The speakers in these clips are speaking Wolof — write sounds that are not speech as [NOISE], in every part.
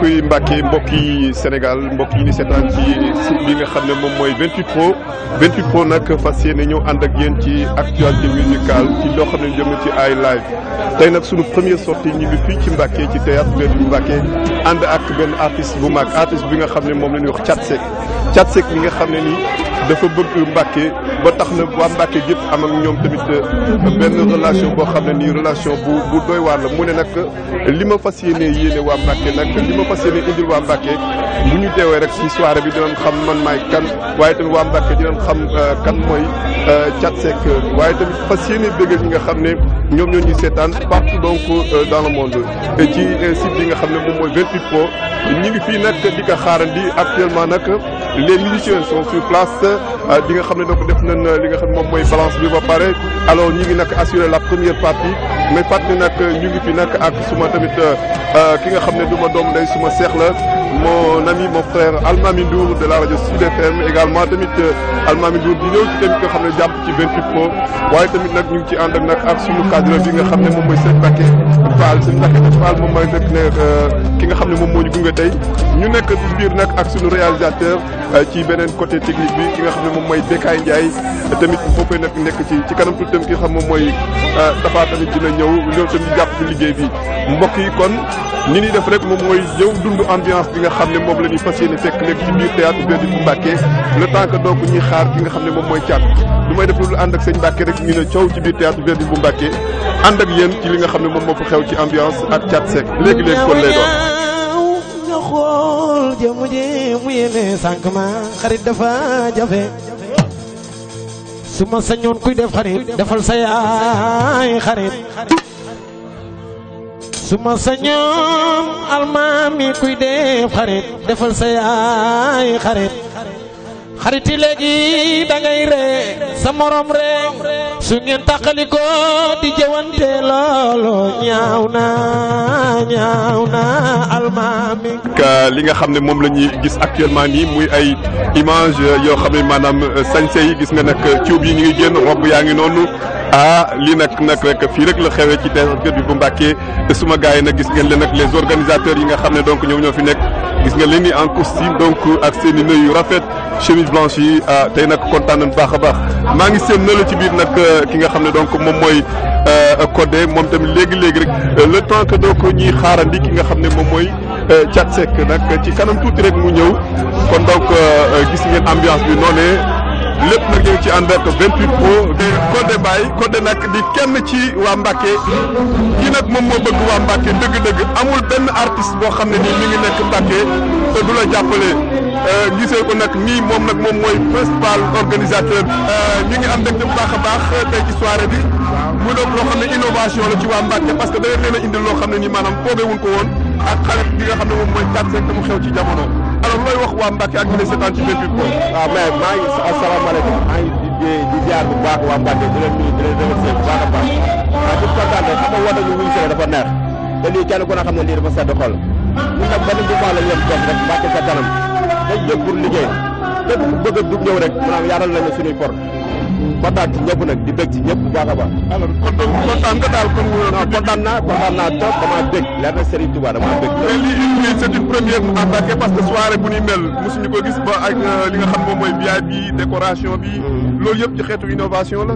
mbokk yi mbokk yi Sénégal mbokk yi ni seetaan ci site bi nga xam ne moom mooy 28 Pro 28 Pro nag fas yéene ñëw ànd ak yéen ci actualité musicale ci loo xam ne jëm ci ay live tey nag sunu première sortie ñu fii ci Mbacke ci théâtre benn bu Mbacke ànd ak benn artiste bu mag artiste bi nga xam ne moom la ñuy wax Thiat Seck Thiat Seck bi nga xam ne nii dafa bëgg Mbàkke ba tax na waa Mbàkke gépp am ak ñoom tamit euh, benn relation boo xam ne nii relation bu bu doy waar la mu ne nag li ma fas yéene yéene waa Mbàkke nag li ma fas yéene indil waa Mbàkke bu ñu deewee rek ci soirée bi dinañ xam man maay kan waaye tamit waa Mbàkke dinañ xam euh, kan mooy euh, Thiat Seck waaye tamit fas yéene bëggal bi nga xam ne ñoom ñoo ñuy seetaan partout donc dans le monde ci site nga xam ne moom mooy 28 ko ñu ngi fii nag di ko xaarandi actuellement nag na ah, bi nga xam ne donc def nañ ah, li nga xam ne moom mooy balance bi ba pare alors ñu ngi nag assuré la première partie mais partie nag ñu ngi fi nag ak suma tamit ah, ki nga xam ne du ma doom day suma seex la mon ami mon frère Almami Ndour de la rajo Sud FM également tamit Almami Ndour di ñëw ci tamit nga xam ne jàpp ci 28 pro waaye tamit nag ñu ci ànd ak ak sunu cadre bi nga xam ne moom mooy seen Mbacke Fall seen Mbacke Fall moom mooy nekk ki nga xam ne moom moo ñu gunge tey ñu nekk ci biir nag ak sunu réalisateur ci beneen côté technique bi. ki nga xam ne moom mooy Bécaye Ndiaye tamit foofee nag nekk ci ci kanam tuuti tamit ki xam moom mooy euh, Tapha tamit dina ñëw ñëw tamit jàpp ci liggéey bi mbokk yi kon ni ñuy def rek moom mooy ñëw dund ambiance bi nga xam ne moom la ñuy fas yéene fekk nekk ci biir théâtre ñuy xaar ki nga xam ne moom mooy caat du may def lu ànd ak sëñ Mbacké rek ñu ne coow ci biir théâtre bi bu Mbacké ànd ak yéen ci li nga xam ne moom moo fa xew ci ambiance ak caat sec léegi-léegi kon lay doon xool jëmm ji xarit dafa su ma sañoon kuy def xarit defal sa yaay xarit su ma kuy def xarit defal sa yaay xarit xarit yi léegi da ngay ree sa morom ree su ngeen tàqaliko di jëwante loolu ñaaw na ñaaw na almaami li nga xam ne moom la ñuy gis actuellement nii muy ay image yoo xam ne maanaam euh, sañse yi gis nga nag cuub yi ñu ngi génn robb yaa ngi noonu ah lii nag nag rek fii rek la xewee ci teer bi bu Mbàkke suma gars yi nag gis ngeen leen nag les organisateurs yi nga xam ne donc ñoom ñoo fi nekk gis nga leen ni en costume donc ak seen i rafet chemise blanche yi ah, tey nag kontaan nañu baax a baax maa ngi seen na ci biir nag ah, ki nga xam ne donc moom mooy ah, Codé moom tamit léegi léegi rek le temps que donc ñuy xaarandi ki nga xam ne moom mooy Thiat Seck nag ci kanam tuuti rek mu ñëw kon donc gis ngeen ambiance bi noonee lépp nag ñu ngi ci ànd ak 28 pro di Codé Baye Codé nag di kenn ci waa Mbacke kii nag moom moo bëgg waa Mbacke dëgg-dëgg amul benn artiste boo xam ne nii mi ngi nekk Mbacke te du la jàppale euh, gisee ko nii moom nag moom mooy principal organisateur ñu euh, ngi am dëgg bu baax a baax euh, tey ci soirée bi mu doon loo xam ne innovation la ci waa Mbacke parce que da leen a loo xam ne nii maanaam foogee wuñ ko woon ak xarit bi nga xam ne moom mooy 4 5 mu xew ci jamono. alors looy wax waa Mbacke ak ñu ci bépp point. waaw mais maa ngi asalaamaaleykum maa ngi di di jaar baax waa Mbacke di leen nuyu di leen baax a baax waaw ah, di xam nga dafa neex te lii kenn ku ne xam ne lii dafa sedd xol ñun nag benn mouvement lañ leen def rek Mbacke sa kanam dañ jóg pour liggéey lépp bëgg a dugg ñëw rek maanaam yaatal nañu suñuy por kontaan ci ñëpp nag di bég ci ñëpp bu baax a baax. alors kontaan nga daal kon wóor naa kontaan naa kontaan naa trop damaa bég leer na Serigne Touba damaa bég. mais lii nii c'est une première en tant parce que soirée bu ñuy mel mosuñu ko gis ba ak euh, li nga xam moom mooy biyaay bi décoration bi. Mm. loolu yëpp ci xeetu innovation la.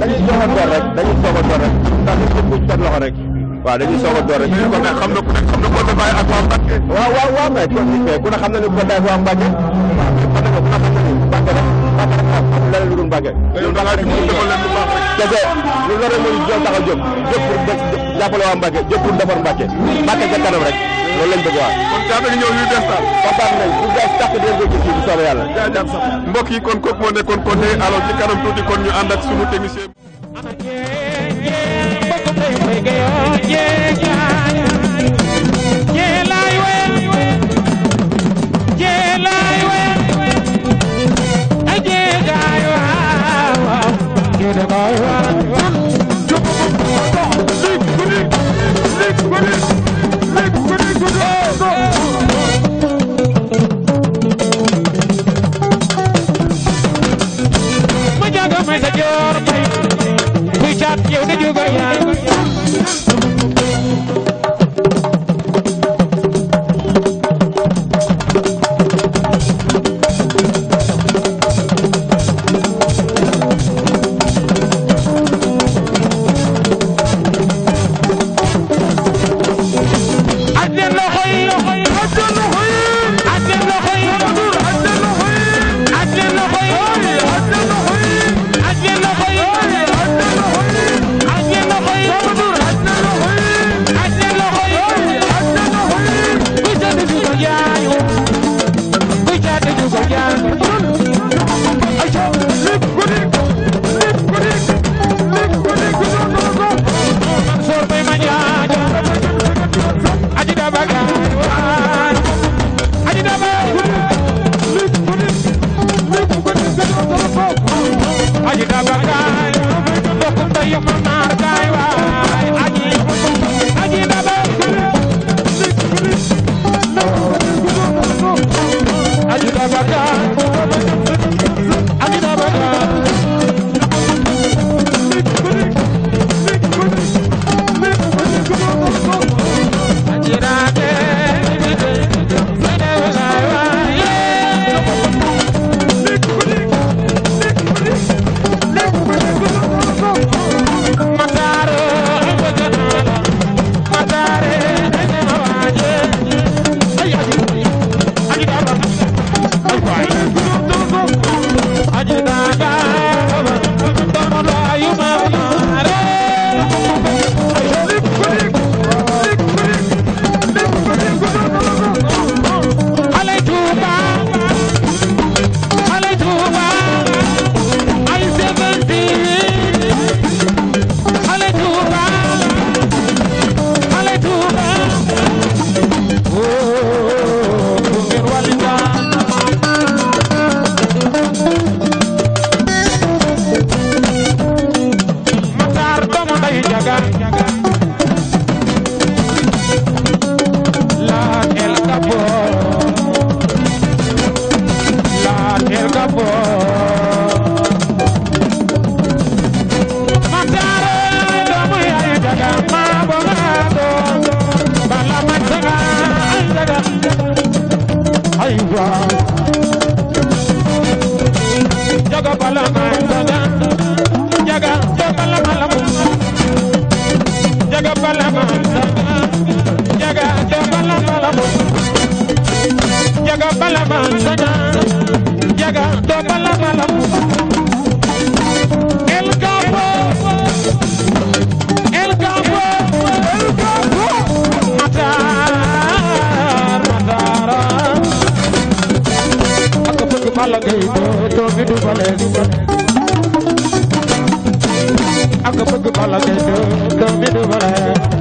dañuy joxandoor rek dañuy soxandoor rek ndax ñun ñëpp teg loxo rek. waaw dañuy soog a door rek. mais kon nag xam na ku ne xam na Kolda Baye ak waa Mbacke. waaw waaw waaw mais kon mais ku ne xam na ne Kolda ak waa Mbacke. waaw mais kon nag ku ne xam na ne Mbacke rek. dara lu dul Mbacke. loolu da ngaa fi mu defal leen lu baax rek. te que loolu la mooy ñoom tax a jóg jóg pour jàppale waa Mbacke jóg pour defar Mbacke Mbacke ca kanam rek loolu lañ bëgg a wax. kon caa ñëw ñu des daal. kontaan nañ bu gas tàq di leen ko gis bu soobee yàlla. jaajëf sax mbokk yi kon kooku moo nekkoon kon tey alors ci kanam tuuti kon ñu ànd ak sunu technicien. Bye. Balla Gaye doo doomi du balees ak bëgg Balla Gaye doo doomi du balees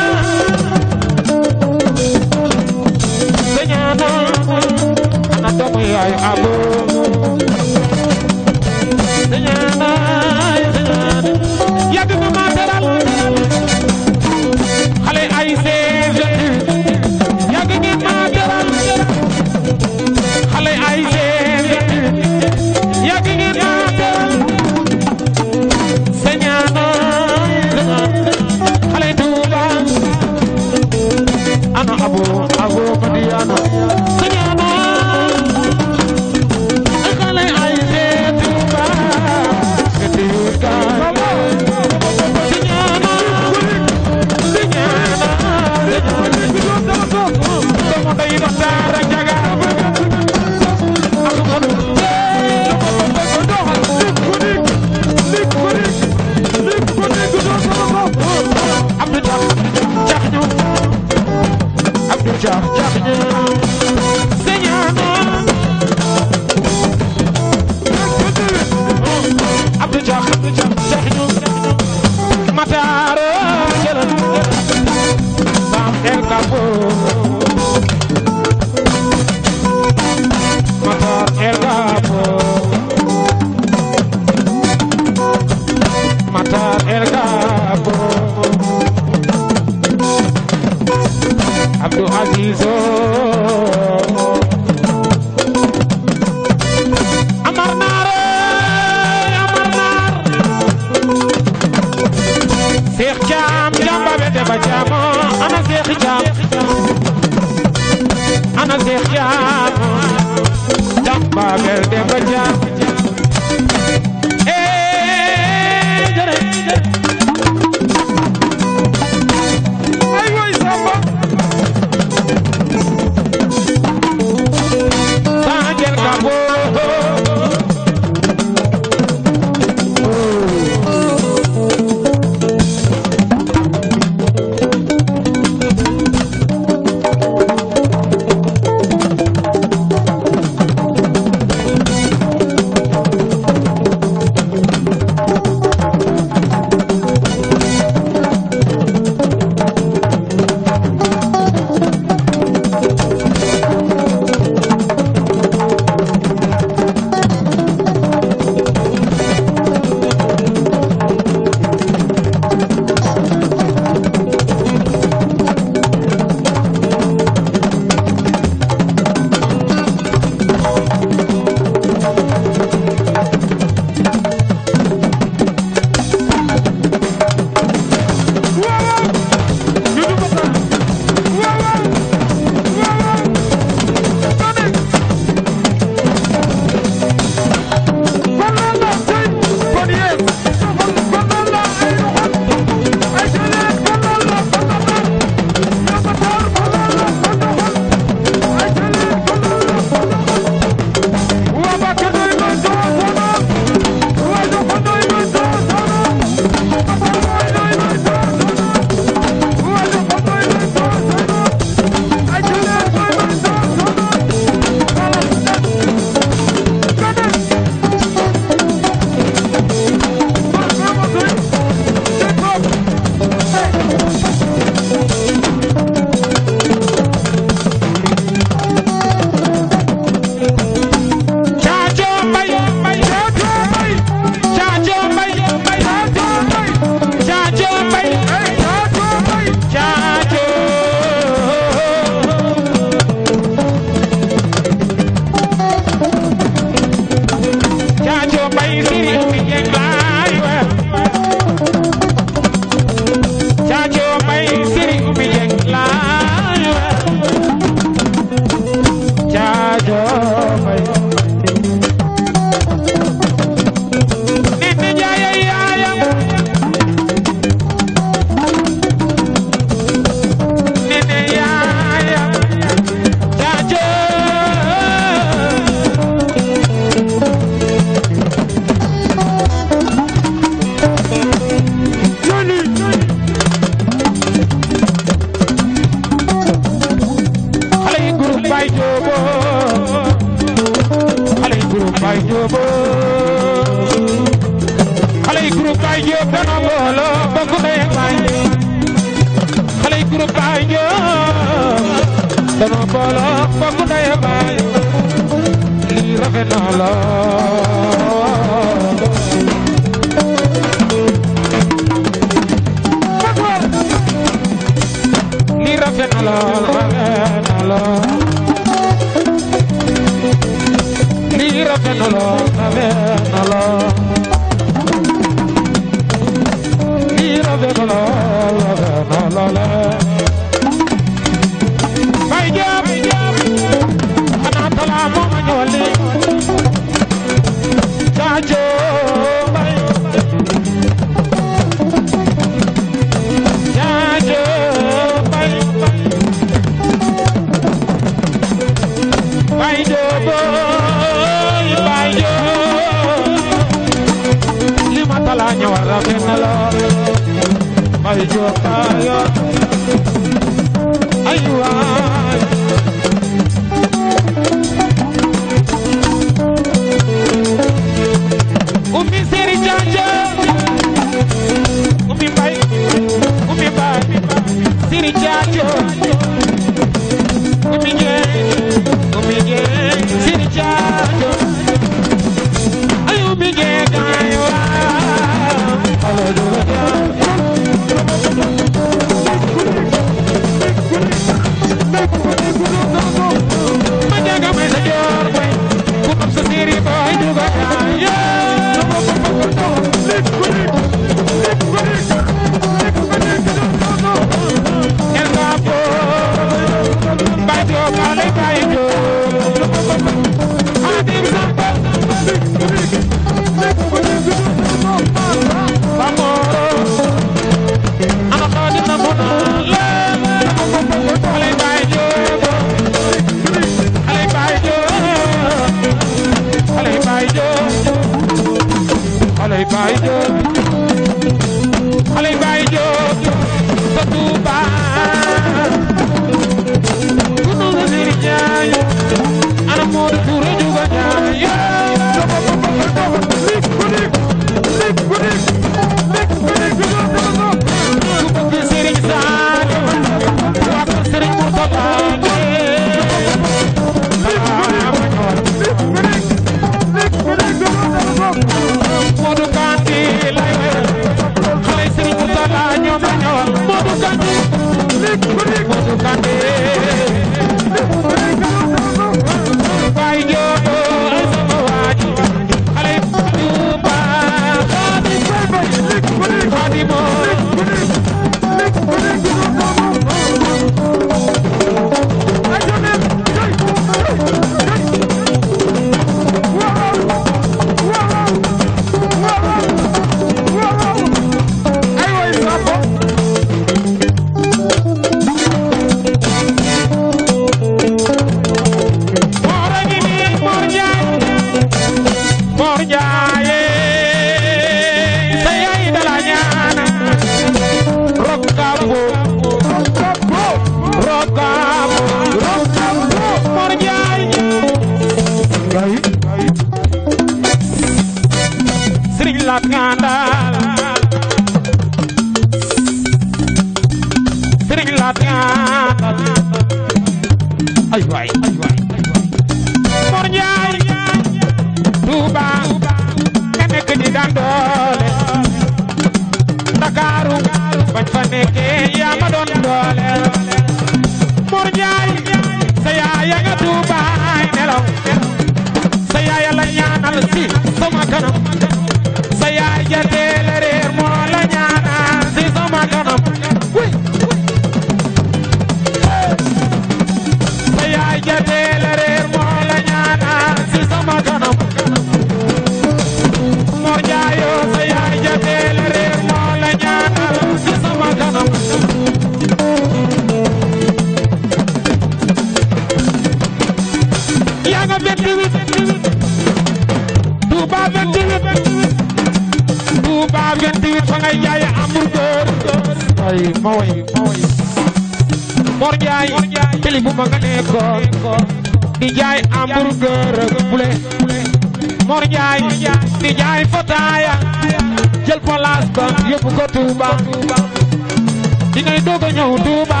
ki ngay doog a ñëw Touba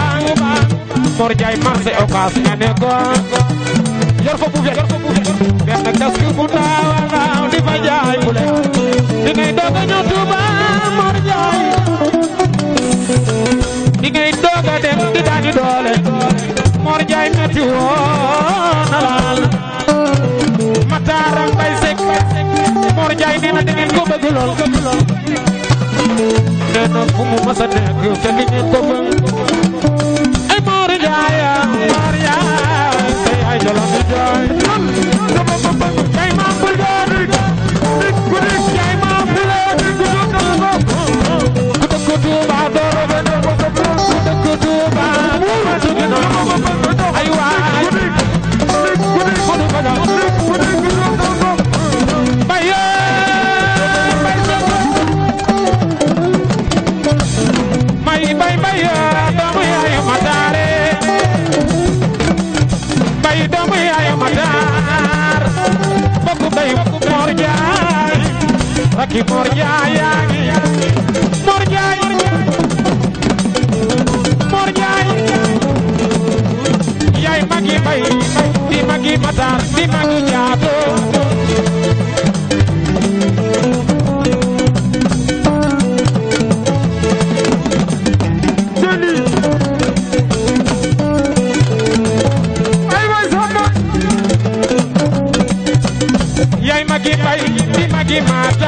Mor Njaay marché Ocass nga ne ko yor fa bu fekk benn casque bu ndaw a ndaw di fa jaay bu leen ki ngay doog a ñëw Touba Mor Njaay ki ngay doog a na laal Mataaram Bay Sekk Mor Njaay nee na dangeen ko bëgg lool nee na fu mu mës a nekk fekk ngeen ko fa ay Mor Ndiaye Mor Ndiaye te ci Mor Njaay yaa ngi Mor Njaay Mor Njaay yaay magi bay di magi Matar di magi bay di magi Matar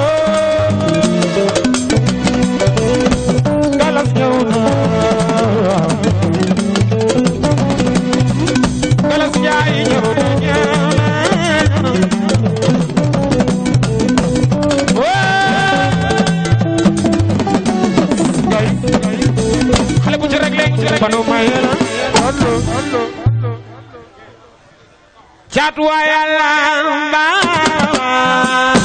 Satwa yàlla mbaa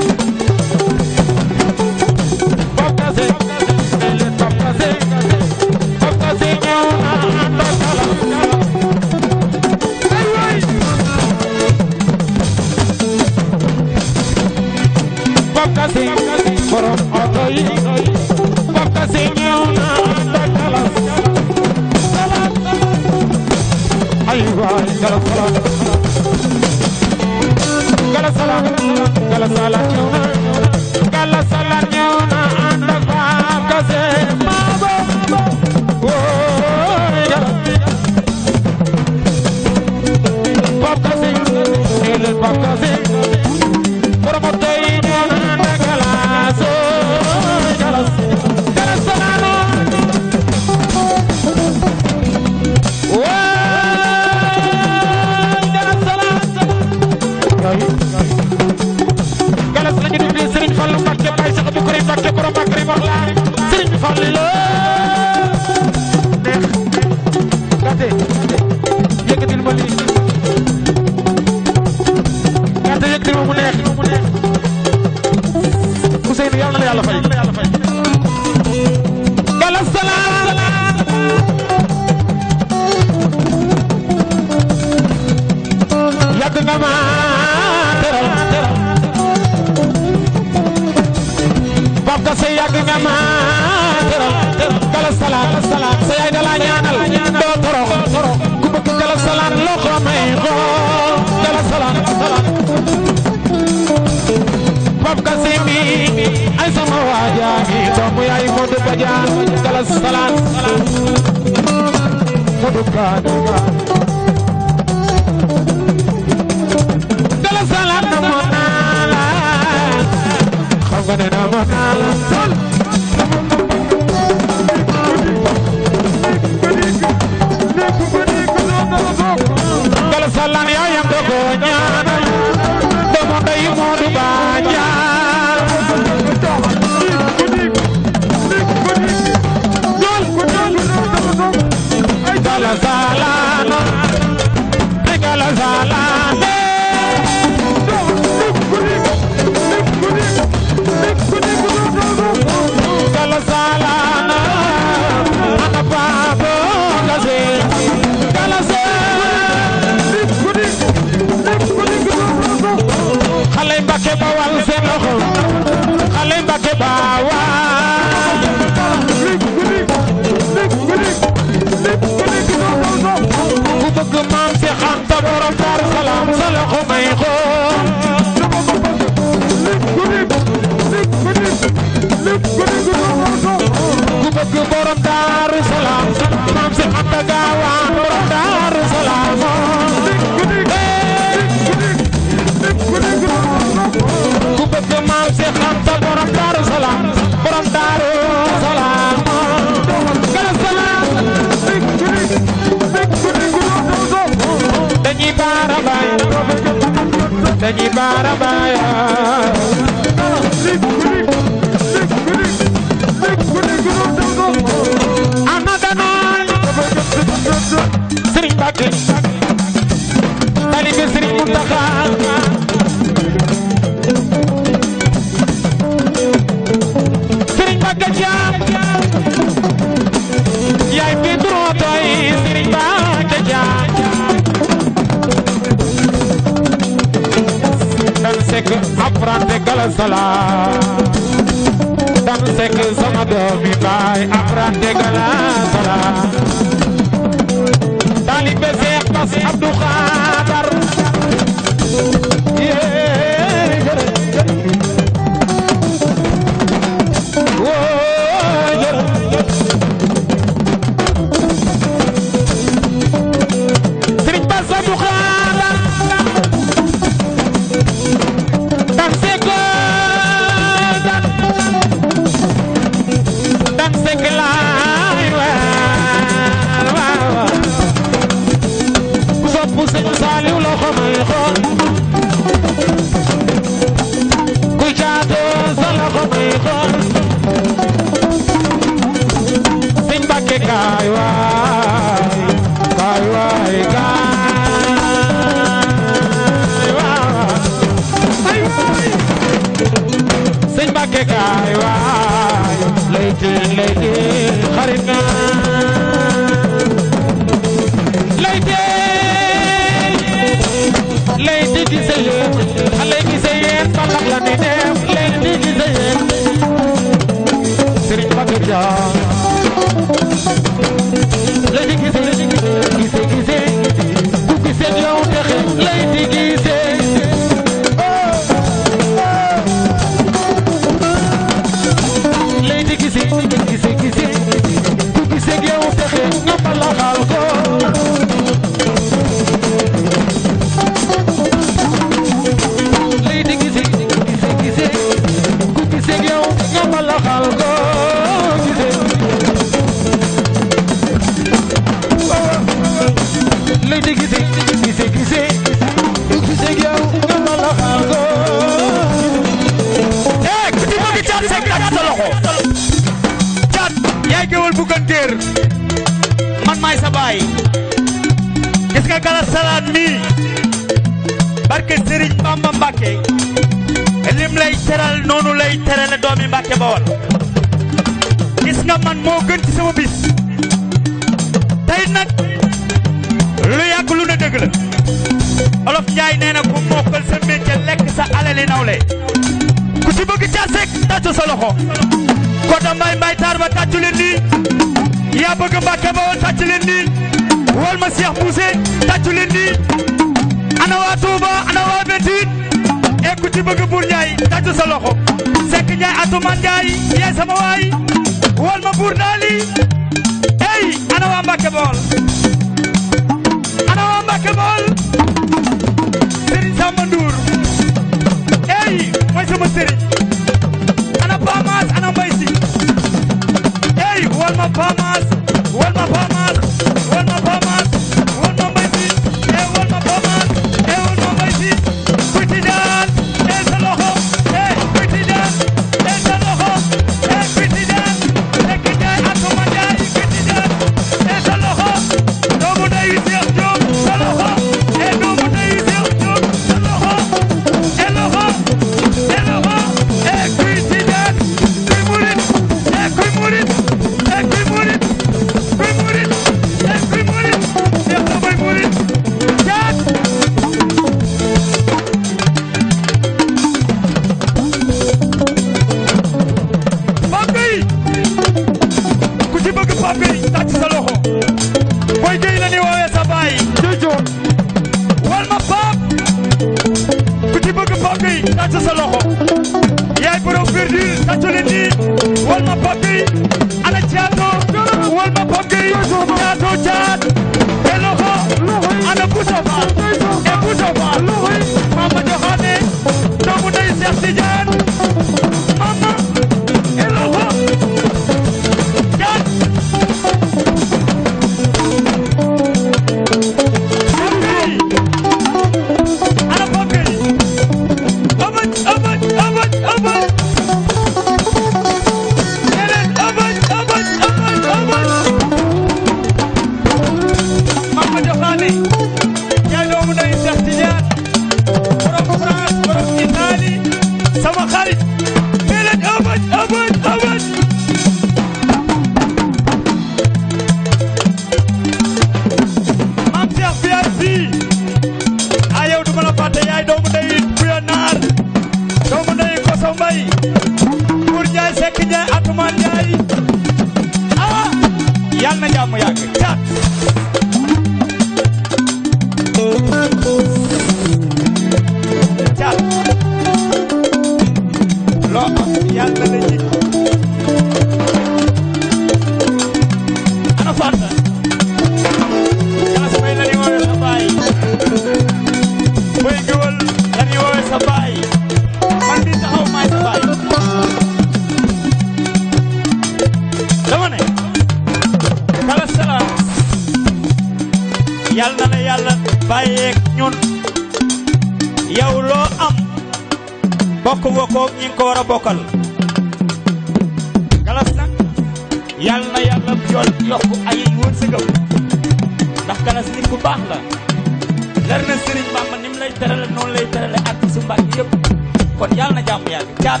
kon yàlla na jàmm yàgg caat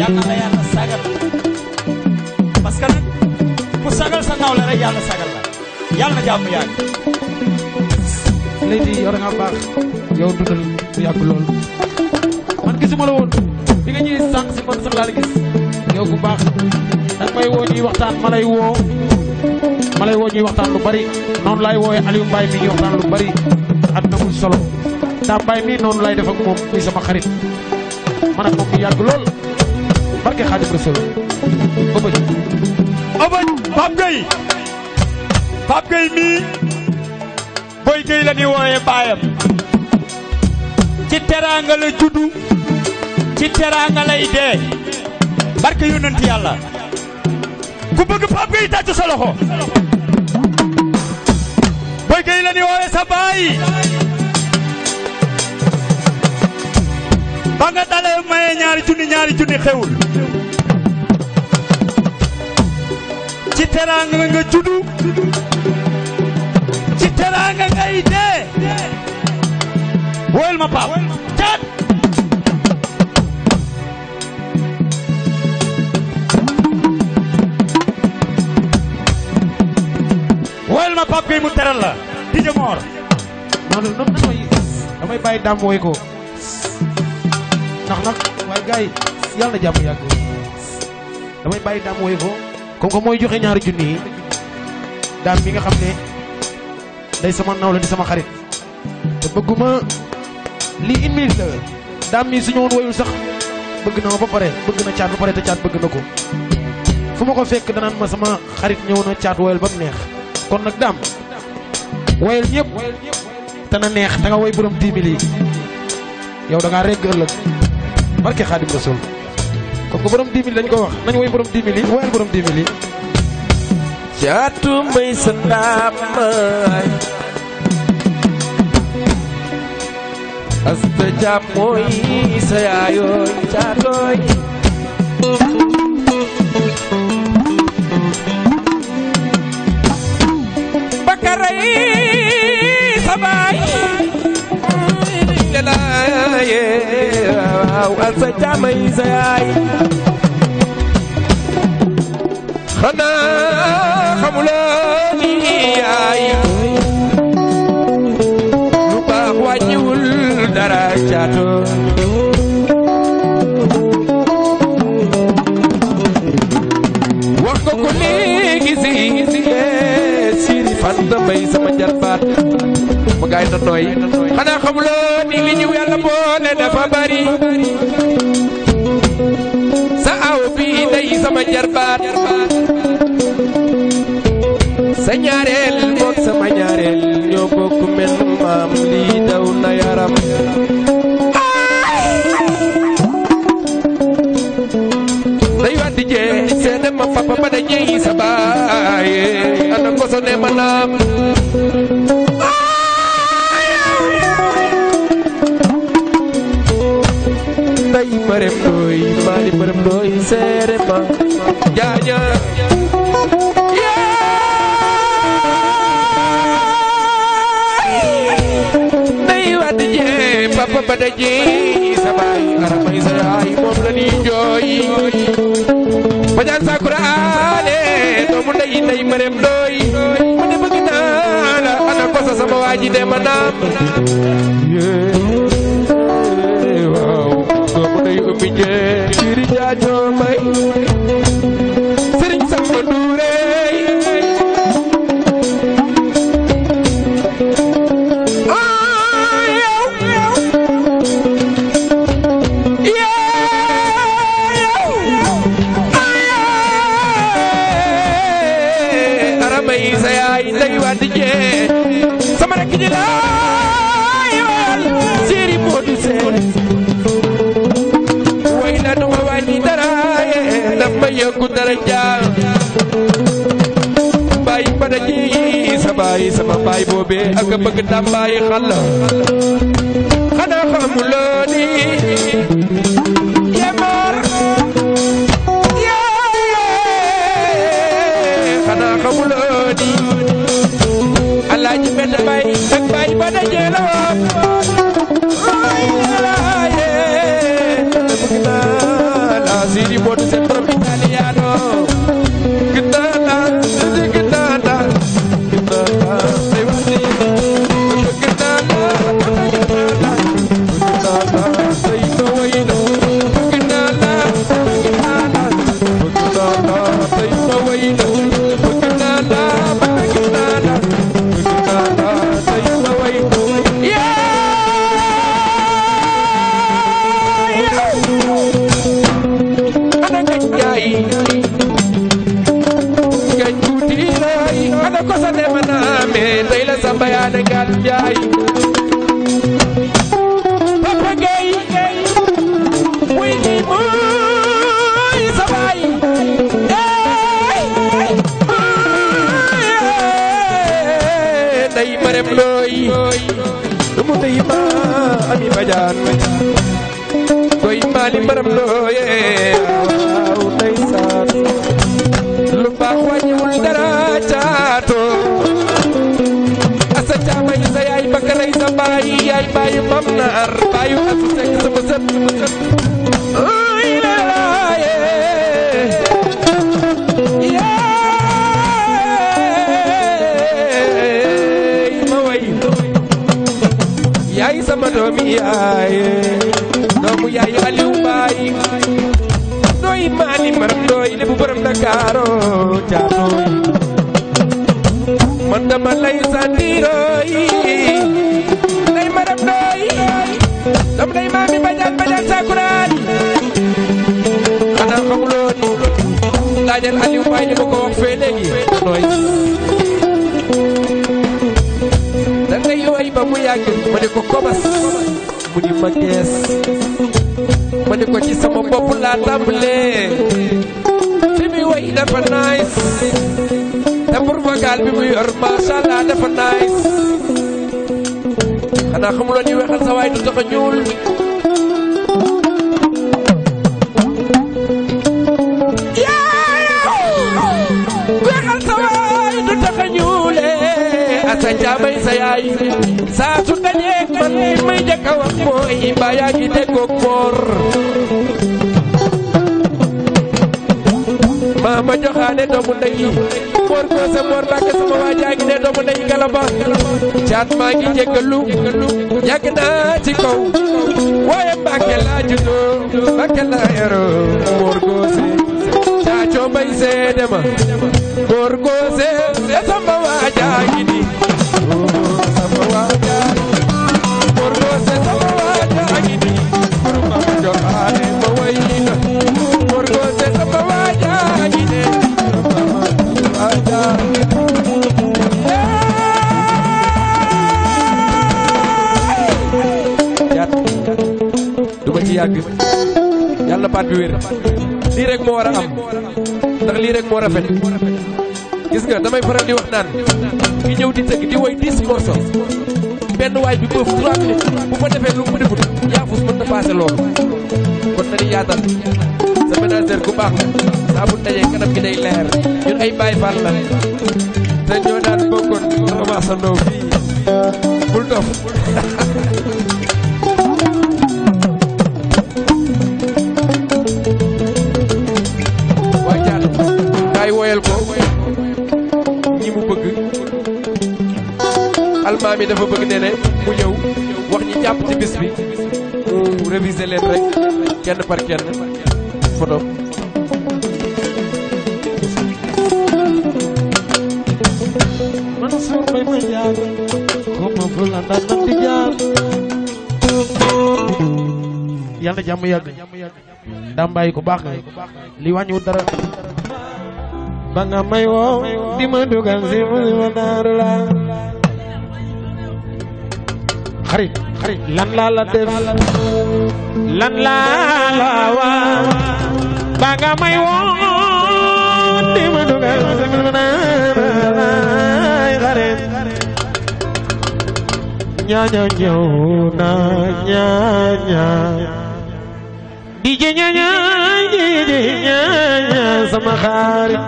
yàlla na la yàlla sagal parce que nag ku sagal sa nawle rek yàlla sagal la yàlla na jàmm yàgg. léegi yow da ngaa baax yow dundal du yàgg lool man gisuma la woon bi nga ñëwee si man sax gis yow ku baax da may woo ñuy waxtaan ma lay woo ma lay woo ñuy waxtaan lu bari noonu laay woowee Aliou Mbaye mi ñuy waxtaan lu bari àdduna muy solo. ndaa mbaay mii noonu lay def ak moom muy sama xarit man ak moom ñu yàgg lool barke Xaadim Rasul Obëj Obëj Pape Gueye Pape Gueye mii Boy Gueye la ñuy baayam ci teraanga juddu ci teraanga lay dee barke yonent yàlla ku bëgg Pape Gueye tàcc sa loxo Boy Gueye la ñuy sa baay ba nga dalee maye ñaari junni ñaari junni xewul ci teraanga nga juddu ci teraanga ngay dee woyal ma paap caat woyal ma paap gay mu teral la di jamoor damay bàyyi dàmbooy ko ndax nag waaye gars yi yàlla damay bàyyi daam wooy ko comme que mooy joxe ñaari junni yi daam bi nga xam ne day sama nawle di sama xarit te bëgguma lii une minute la daam mi su ñëwoon woyul sax bëgg na ma ba pare bëgg na caat ba pare te caat bëgg na ko fu ma ko fekk danaan ma sama xarit ñëw na caat woyal ba mu neex kon nag daam woyal ñëpp te na neex da nga woy borom 10 yow da regg ëllëg barke xaadim rasul kon ko borom 10 000 dañ ko wax nañ woy borom 10 000 yi woyal borom 10 sa ndaam asta jaab mooy sa yaayooy jaatooy bakaray sa baay laaye waaw ak sa jaamay sa xanaa xamuloo ni yaay lu baax dara caatu wax ko ko léegi si si siri fan sama jarbaat gaay ta tooy xanaa xamuloo ni li ñu yàlla boole bari sa aw bi day sama jarbaat sa ñaareel boog sama ñaareel ñoo bokk mel maam lii daw na yaram day waddi jee seede ma papa ba da sa baay ana ko so ne marem doy mari marem doy seere ma jaaja day wat jee papa ba da jee sa e baay sa yaay moom la ni jooy bajaan sa kuraane doomu nday nday marem doy ma ne bëgg naa la ana kosa sama waaji de ma naam a baay boobee ak bëgg tàmbaayi xal a xamuloo ni mbaram looye waaw tey saatu lu baax wàññiwul dara caatu asa caama yi sa yaay bakkanay sa baay yaay baayu mam naar baayu asu sekk sama sët sama doomi yaay doomu yaay Ndakaaru caatuy man dama lay sandiroy lay maram doy dam lay maami bajaan bajaan sakuraan xanaa xamuloo ni laajal Aliou Mbaye ni ma ko wax fee léegi nooy da nga yooy ba mu yàgg ma ne ko kobas mu ni ma gees ma ne ko ci sama bopp laa tàmbalee gaal bi mu yor macha allah dafa xamuloon ni weexal sa waay du tax a ñuul weexal sa waay du tax a ñuulee asa njaamay sa yaay saa su dajeek man li may njëkk a wax ma joxaale doomu ndey yi moor ko sa moor bàkk sama waa jaa ngi ne doomu ndey galaba caat maa ngi jéggalu yàgg naa ci kaw waaye Mbàkke laa juddoo Mbàkke laa yaroo moor góose caacoo bay seede ma moor góose sama waa jaa ngi ni bi wér lii rek moo war a am ndax lii rek moo rafet gis nga damay faral di wax naan ki ñëw di tëgg di woy 10 morceaux benn waay bi bëf 3 minutes bu fa defee lu mu defut yaafus mën sa manager ku baax la saa bu dajee kanam gi day leer ñun ay Baay Faal la te ñoo daan bokkoon sama sandoo fii bul dof [LAUGHS] almaami dafa bëgg ne ne mu ñëw wax ñi jàpp ci bis bi mu réviser leen rek kenn par kenn photo Mansour Mbaye ma jaar comme fu la ndaan man di jaar yal na jàmm yàgg ndàmbaay ku baax li wàññiwu dara ba nga may woo di ma dugal si mu si ma daaru laa lan laa la def lan laa la wax ba nga may woon di ma dugal ñaña ñëw na ñaña dije ñaña dije ñaña sama xarit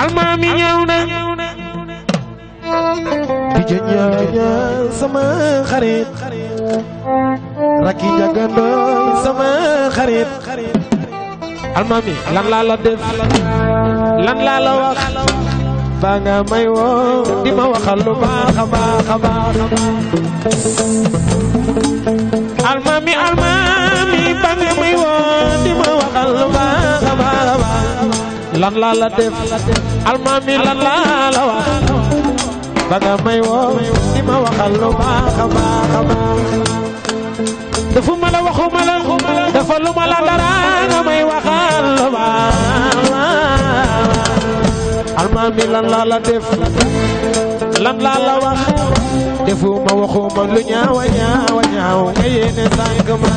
almaami ñëw na dije ñaña sama xarit rakki jagandoo sama xarit almaami lan laa la def lan laa la wax baa nga may woo di ma waxal lu baax a baax a baax almaami almaami baa nga may woo di ma waxal lu baax a baax a baax lan laa la def almaami lan laa la wax baa nga may woo di ma waxal lu baax a baax a baax la waxuma la dafa lu ma la dara nga may waxal lu baax almaami lan laa la def lan laa la wax defuma waxuma lu ñaawa ñaawa ñaaw nga yéene sànq ma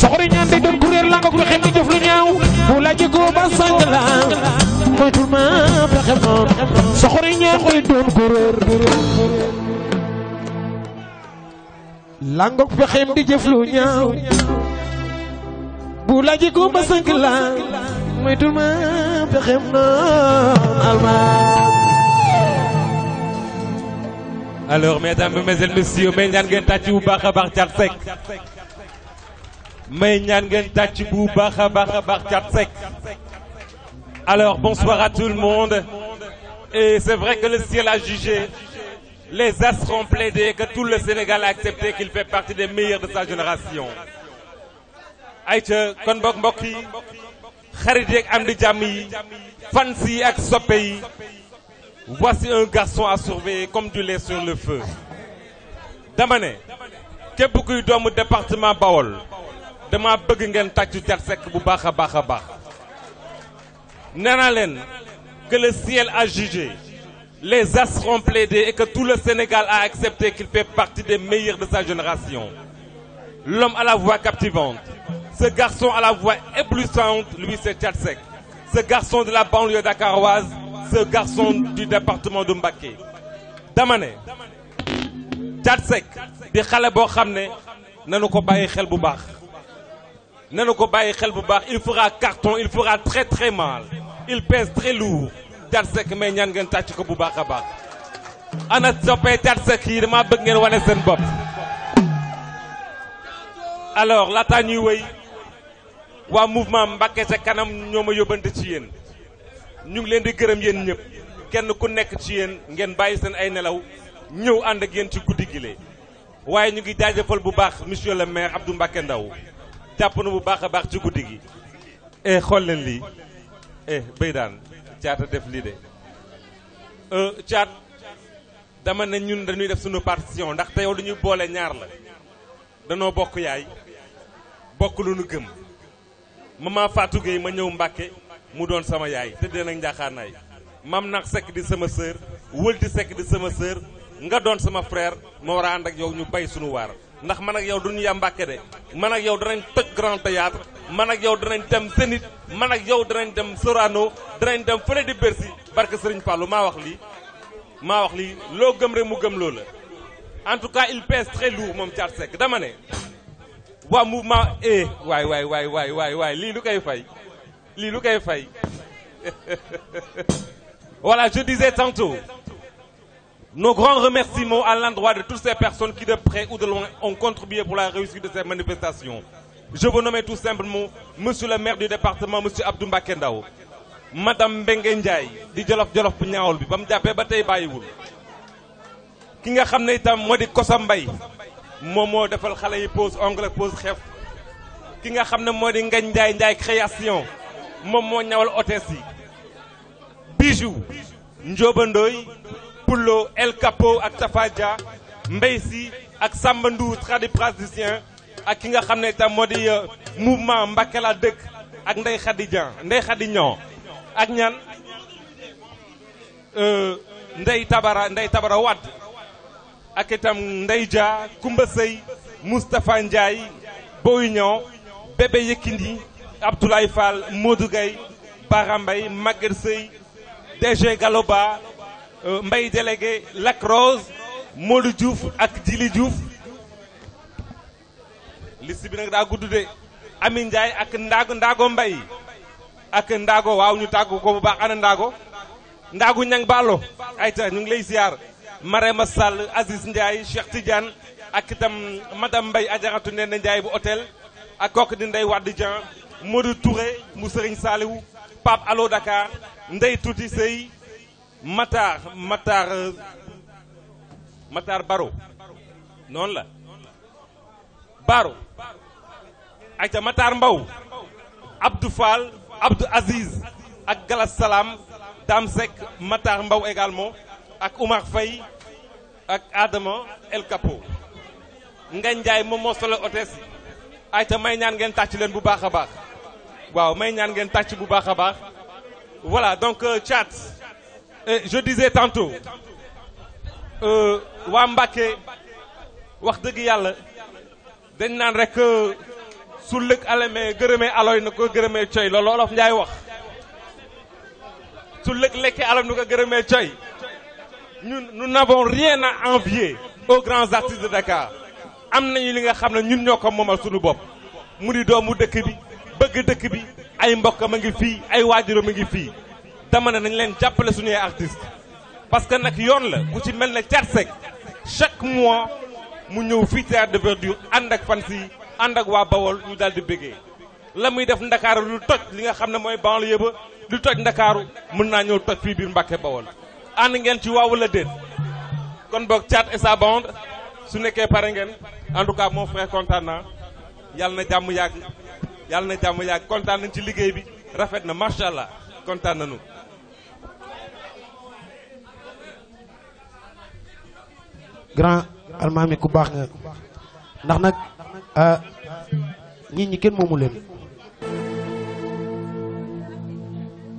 soxori ñaan di doon kuréel la nga ko xem ni jëf lu ñaaw bu la jikko ba sànq la moytul ma pexe moom soxori ñaan koy doon kuréel langook fexeem di jëf lu ñaaw bu laji ko ba sank la moytul ma fexeem noon almaan alors mesdames et messieurs may ngeen tàcc bu baax a baax cat sec may ñaan ngeen tàcc bu baax a baax a baax cat sec alors bonsoir à tout le monde et c'est vrai que le ciel a jugé Les As ont plaidé que tout le Sénégal a accepté qu'il fait partie des meilleurs de sa génération. ayca kon mbokk mbokk yi xarit yeeg am di jàmm yi fans ak soppe yi voici un garçon à surveiller du lait sur le feu. dama képp kuy doomu département Bawol dama bëgg ngeen tàccu jar sekk bu baax a baax a baax nee naa leen a jugé. les As ont plaidé et que tout le Sénégal a accepté qu'il fait partie des meilleurs de sa génération. L'homme à la voix captivante, ce garçon à la voix éblouissante, lui c'est Tchatsek. Ce garçon de la banlieue dakaroise, ce garçon du département de damane dama ne Tchatsek di xale boo xam ne nanu ko bàyyi xel bu baax nanu ko bàyyi xel bu baax il fera carton il fera très très mal il pèse très lourd Thiat Seck may ñaan ngeen tàcc ko bu baax a baax ana soppee Thiat Seck yi dama bëgg ngeen wane seen bopp alors laataa ñuy woy waa mouvement Mbacké ca kanam ñoo ma yóbbante ci yéen ñu ngi leen di gërëm yéen ñëpp kenn ku nekk ci yéen ngeen bàyyi seen ay nelaw ñëw ànd ak yéen ci guddi gile waaye ñu ngi jaajëfal bu baax monsieur le maire Abdou mbàkke Ndaw jàpp na bu baax a baax ci guddi gi eh xool leen lii eh béy daan caata def lii euh, caat dama ne ñun dañuy def sunu partition ndax te yow lu ñuy boole ñaar la danoo bokk yaay bokk lu nu gëm mama Fatou Gueye ma ñëw Mbàkke mu doon sama yaay tëddee nag njaaxaanaay mam nax sekk di sama sœur wël di sekk di sama sœur nga doon sama frère ma war ànd ak yow ñu bay suñu waar ndax man ak yow duñu yàmbàkke de man ak yow danañ toj grand théâtre man ak yow danañ dem Zénith man ak yow danañ dem soraano danañ dem fële di Bercy barke Serigne Fallou maa wax lii maa wax lii loo gëm rek mu gëm loo la en tout cas il pèse très lourd moom Thiat Seck dama ne waa mouvement e waay waay waay waay waay waay lii lu koy fay lii lu koy fay [LAUGHS] voilà je disais Nos grands remerciements à l'endroit de toutes ces personnes qui, de près ou de loin, ont contribué pour la réussite de ces manifestations. Je vous nomme tout Monsieur le maire du département, Monsieur Abdou Mbacké Ndao Madame Mbengue Ndiaye di jolof-jolof bu ñaawul bi ba mu jàppee ba tey bàyyiwul ki nga xam ne itam moo di Kosa mbay moom moo defal xale yi pose ongle pose xef ki nga xam ne moo di Ngagne Ndiaye Ndiaye création moom moo ñawal hôtesse yi bijou Pullo El Capo ak Tafa Dia Mbaye Sy ak Samba Ndour tradipraticien ak ki nga xam ne itam moo di euh, mouvement Mbacké la dëkk ak Ndeye Khady Dia Ndeye Khady Niang ak ñan euh, Ndeye Tabara Ndeye Tabara Wade ak itam Ndeye Dia Kumba Sey Moustapha Ndiaye Boy Niang Bébé Yekini Abdoulaye Fall Modou Gueye Bara Mbaye Maguette Galoba Euh, Mbaye délégué Lac Rose Modou Diouf ak Djili Diouf liste bi nag daa gudd de Amin Ndiaye ak Ndago Ndago Mbaye ak Ndago waaw ñu tàggu ko bu baax ana Ndago Ndago ñang Ballo ayta ñu ngi lay ziar Marema Sall Aziz Ndiaye Cheikh Tidiane ak itam madame Mbaye ajaratu ne na Ndiaye bu hôtel ak kooku di Ndeye Wade Dieng Modou Touré mu Serigne Saliou Pape Allo Dakar Ndeye Touti Matar Matar Matar Baro noonu la Baro ayca Matar Mbaw Abdou Fall Abdou ak Galas Salaam Dame Mbaw également ak Oumar Faye ak Adama El Capo Ngagne moom moo solo hôtesse ayca may ñaan ngeen tàcc leen bu baax a baax waaw may ñaan ngeen tàcc bu baax a baax voilà donc euh, chat et eh, je disais tantôt euh, waa Mbacké wax dëgg yàlla dañ naan rek euh, su lëg alamee gërëmee aloy na ko gërëmee coy loolu olof Njaay wax su lëg lekkee aloy na ko gërëmee coy ñun nu n'avons rien a envier aux grands artistes de Dakar am nañu li nga xam ne ñun ñoo ko moomal suñu bopp mu di doomu dëkk bi bëgg dëkk bi ay mbokkam a ngi fii ay waajuram a ngi fii dama ne nañ leen jàppale suñuy artistes parce que nag yoon la ku ci mel ne Thiat Seck chaque mois mu ñëw fii théâtre de verdure ànd ak fans yi ànd ak waa Bawol ñu daal di bëggee la muy def ndakaaru lu toj li nga xam ne mooy banlieue ba lu toj ndakaaru mën naa ñëw toj fii biir Mbàkke Bawol ànd ngeen ci waaw wala déet kon boog Thiat et sa su nekkee pare ngeen en tout cas mon frère kontaan naa yàlla na jàmm yàgg yàlla na jàmm yàgg kontaan nañ ci liggéey bi rafet na macha allah kontaan nañu grand almaami ku baax nga ndax nag euh, nit ñi kenn moomu leen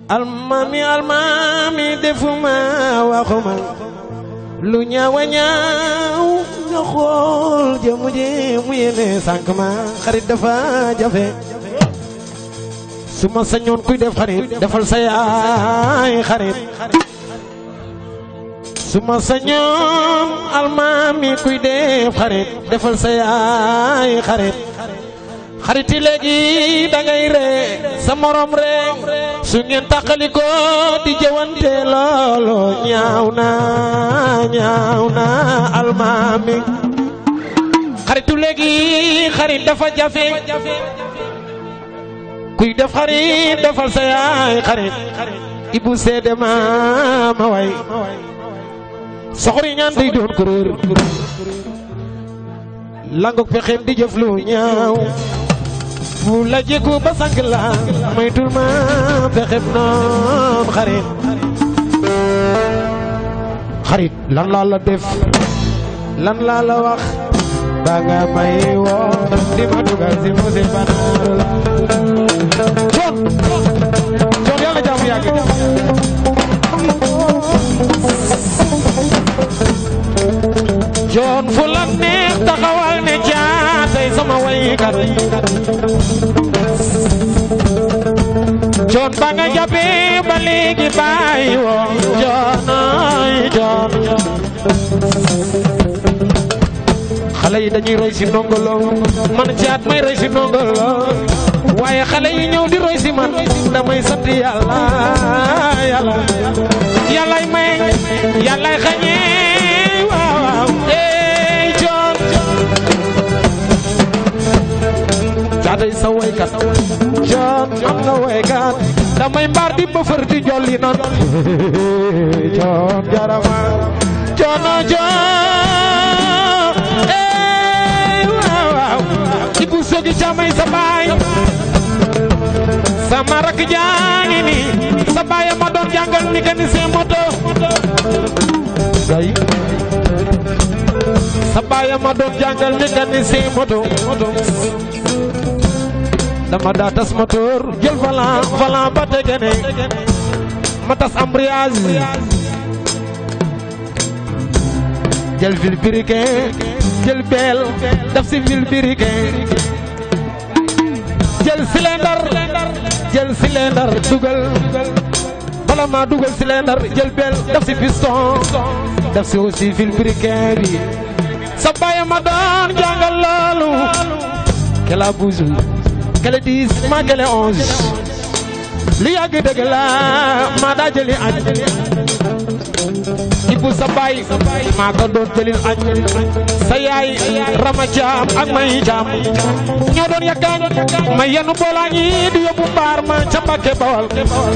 almaami defuma waxuma lu ñaawa ñaaw nga xool jëmu ji mu yéene sànq ma xarit dafa jafe su ma sañoon kuy def xarit defal sa yaay xarit su ma sañoon almaami kuy def xarit defal sa yaay xarit xariti léegi dangay ree sa morom ree su ngeen tàqaliko di jëwante loolu ñaaw na ñaaw na almaami xaritu léegi xarit dafa jafe kuy def xarit defal sa xarit ibu seede ma ma way soxor yi ñaan day doon ko langug pexeem di jëf lu ñaaw fu la jékku ba sang la may tur ma noon xarit xarit lan laa la def lan laa la wax ba nga may woo di ma dugal si musiba naa la joon fu la neex taxawal ne jaatay sama waykat joon ba nga jabee ba léegi bàyyi woon joon ay joon xale yi dañuy roy si ndongolo man jaat may roy si ndongolo waaye xale yi ñëw di roy si man damay sant yàlla yàlla yàllaay may yàllaay xañee day sa waykat John am na waykat damay mbaar di bëfër di jolli nan [LAUGHS] John jarama John John eh waaw waaw ibu sogi camay sa baay sama rak jaangi ni sa baay ma doon jàngal ni ka ni seen moto day sa baay ma doon jàngal ni ka ni seen moto dama daa tas jël volant volant ba ma tas embrayage jël fil biriquin jël bel daf si fil biriquin jël cylindre jël cylindre dugal bala dugal cylindre jël bel daf si piston daf si aussi fil biriquin bi sa baay ma jàngal loolu ke buusu màggale yàgg dëgg la maa daa añ ibu sa baay maa ko doon jëlil añ sa yaay rama jaam ak may jaam ñoo doon yakkaañ ma yenu boolaa di yóbbu mbaar ma ca Mbàkke Bawal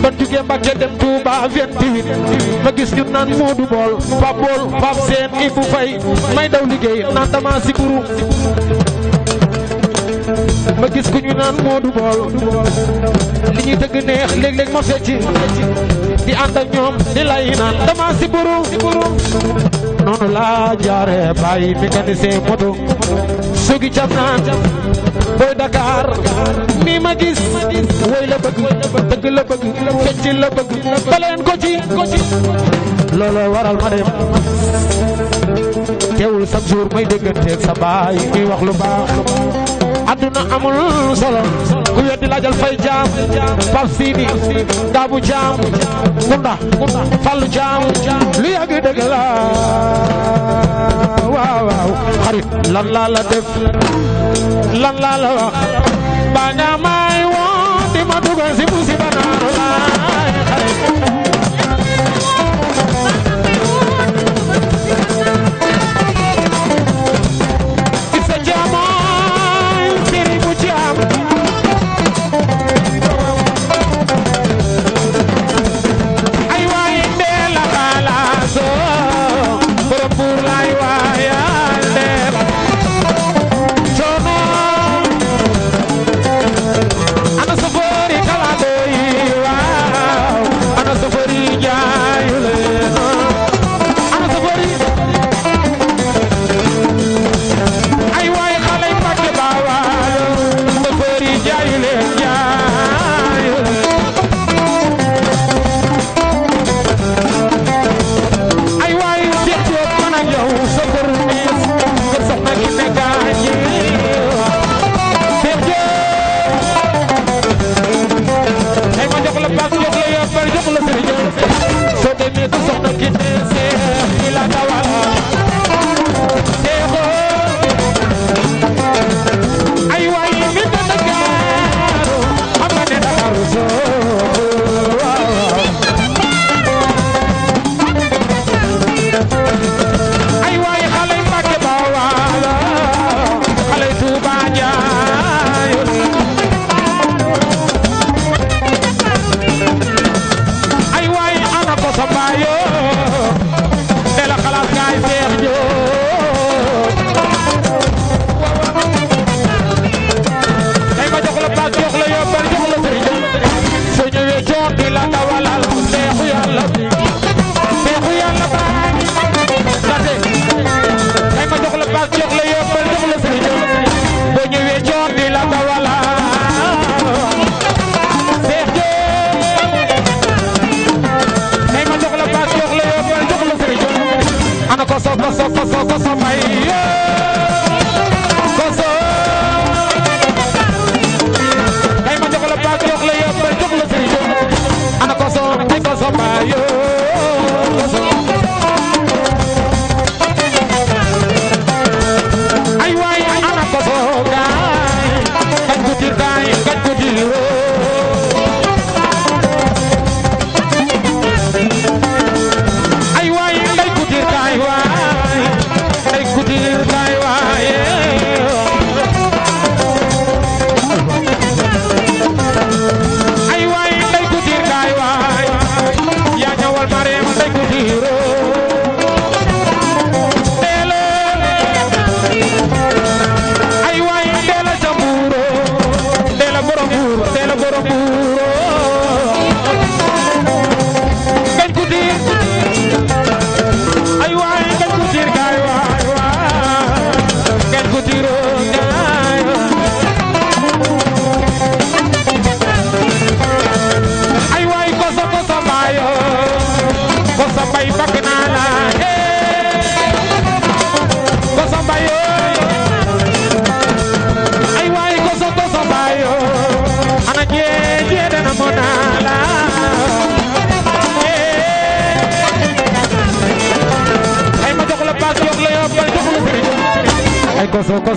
ba jugee Mbàkke dem Tuuba vingt-huit ma gis ñu naan Moodu Bool Pape Bool Pape Seen Ibu Fay may daw liggéey naan dama siburu ma gis ku ñu naan Modou Bol li ñuy tëgg neex léeg-léeg ma fecc di ànd ñoom di lay naan dama si buru noonu laa jaare bàyyi mécanicien moto sugi cam naan booy Dakar mi ma gis woy la bëgg tëgg la bëgg fecc la bëgg baleen ko ci ko ci looloo waral ma dem teewul chaque jour may dégganteeg sa baay ñuy wax lu baax àdduna amul solo ku weddi laajal jaam Pape Sidi Daabu jaam Gunda Fallu jaam lu yàgg dëgg la waaw waaw xarit lan laa def lan laa ba nga may di ma dugal si musiba naaru laay xarit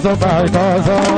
Koso, Pai, Koso.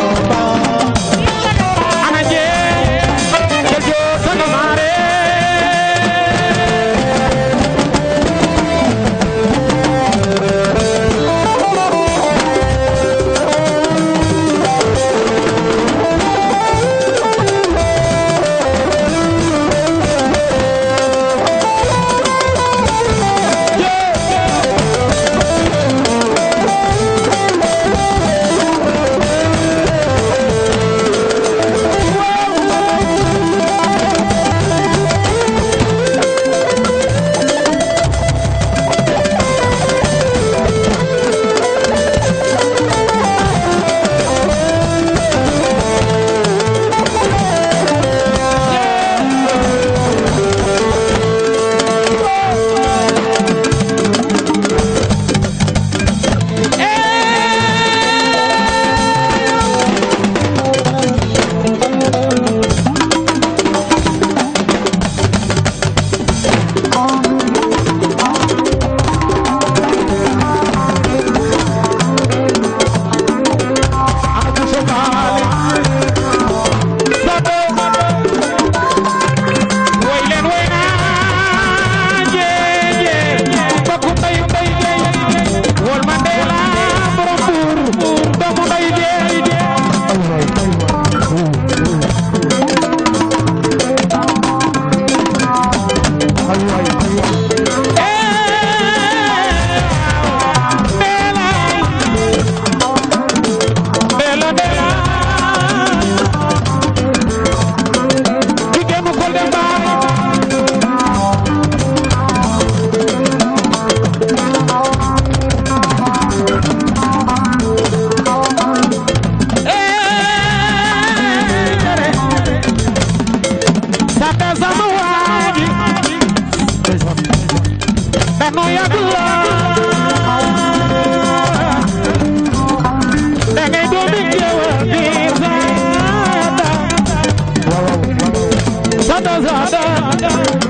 Eno yadula Enge domi jewa Zada Zada Zada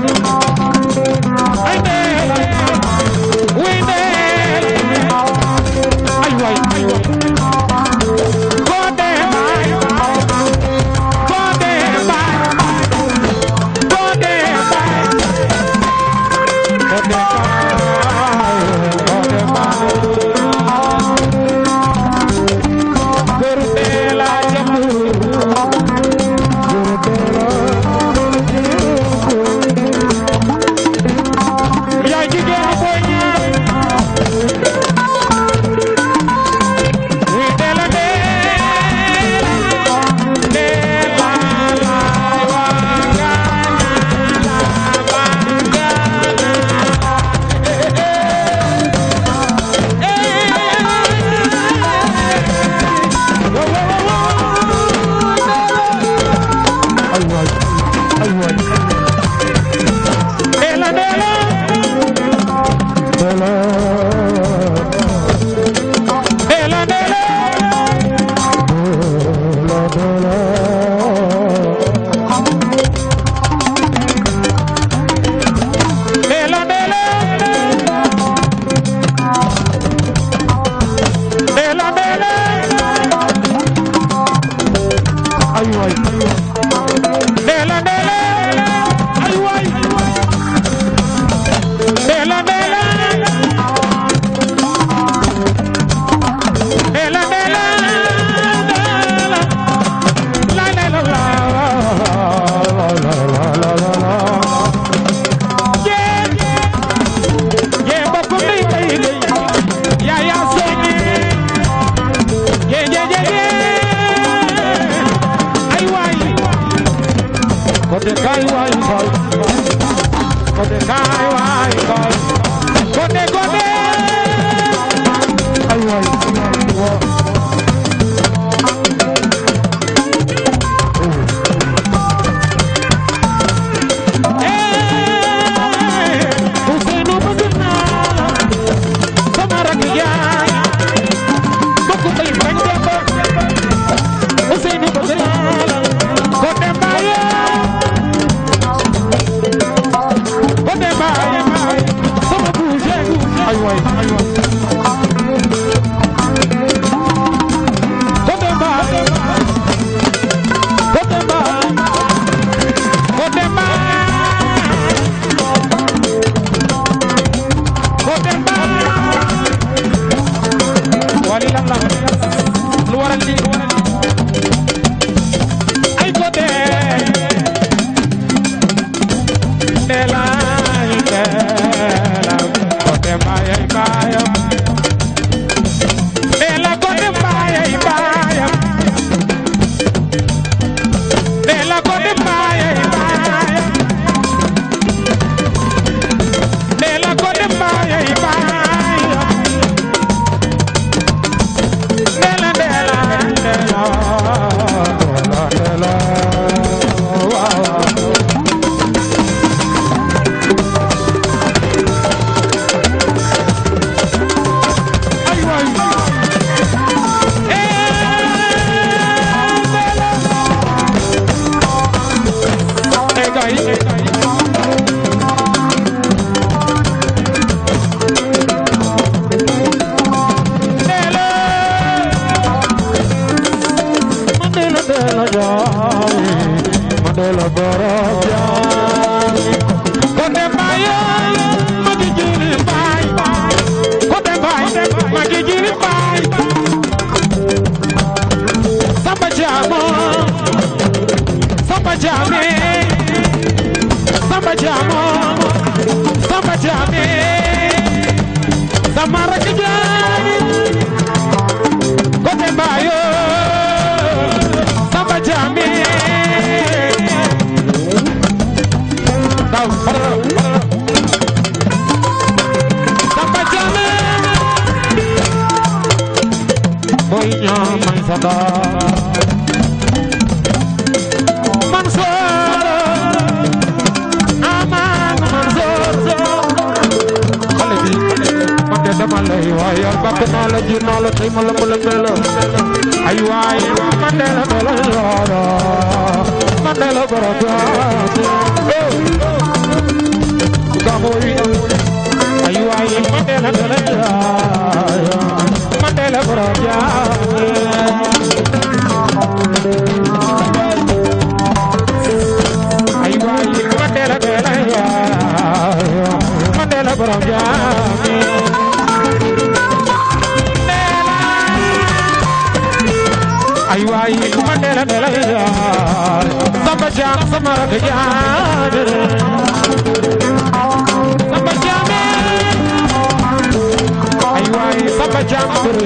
Samba Jambër ay waay Samba Jambër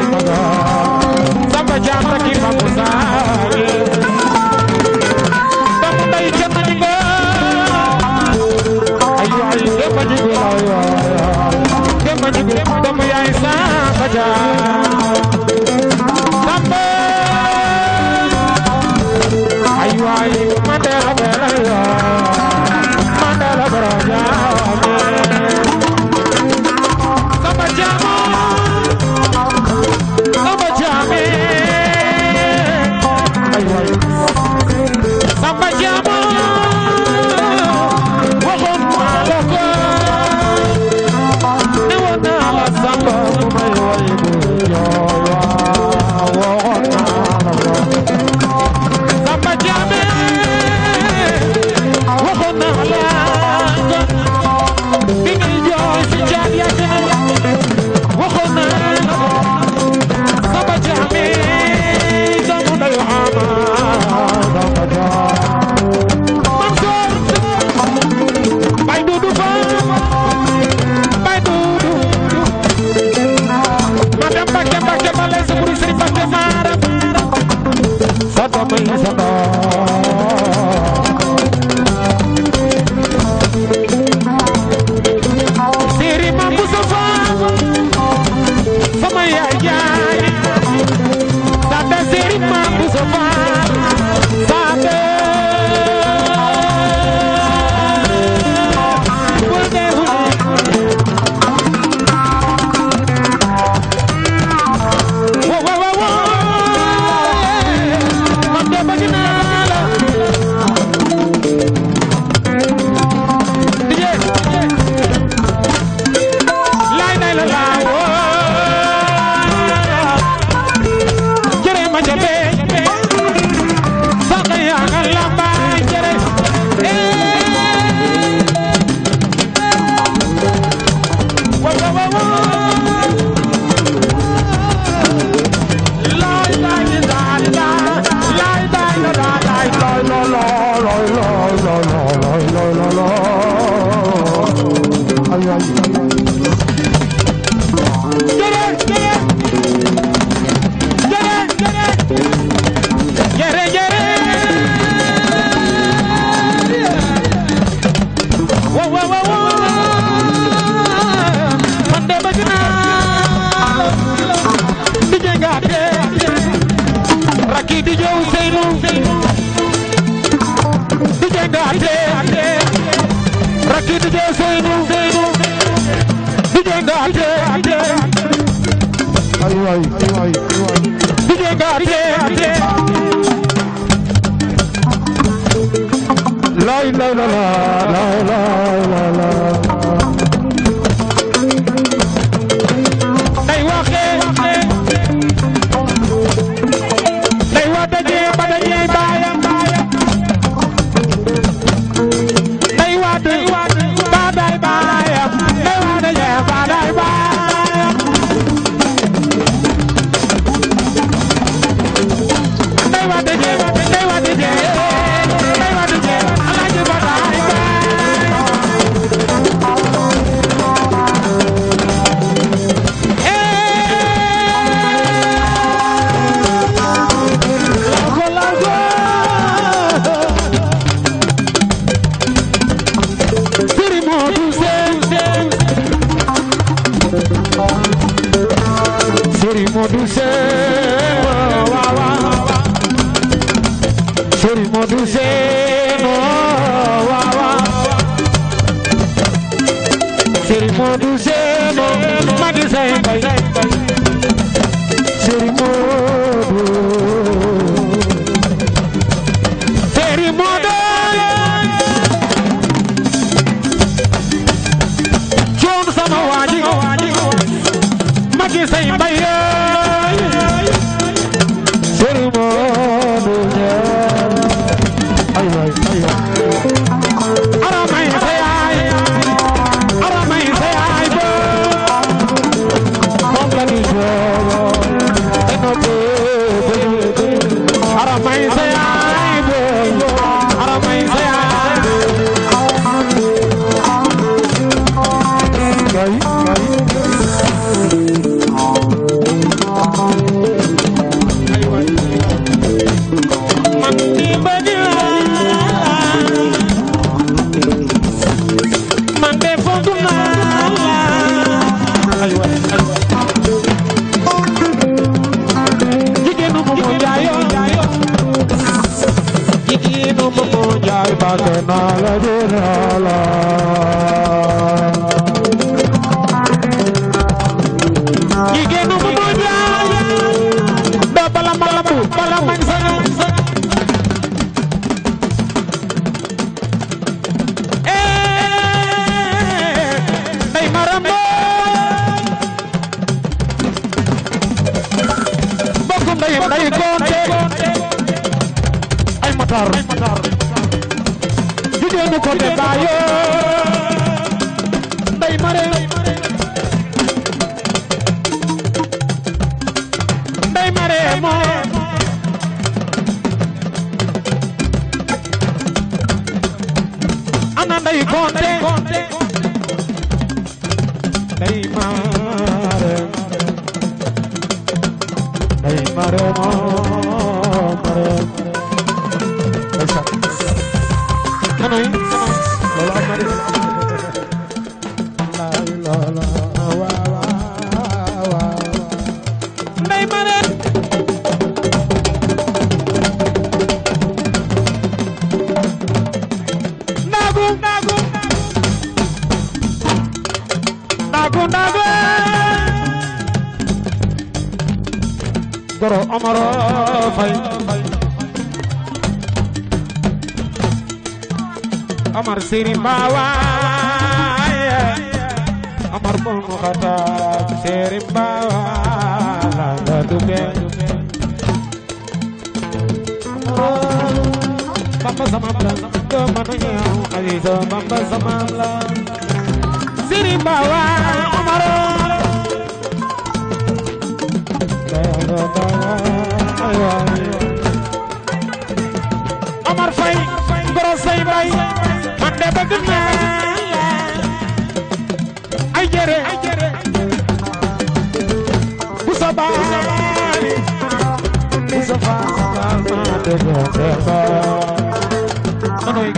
gars yi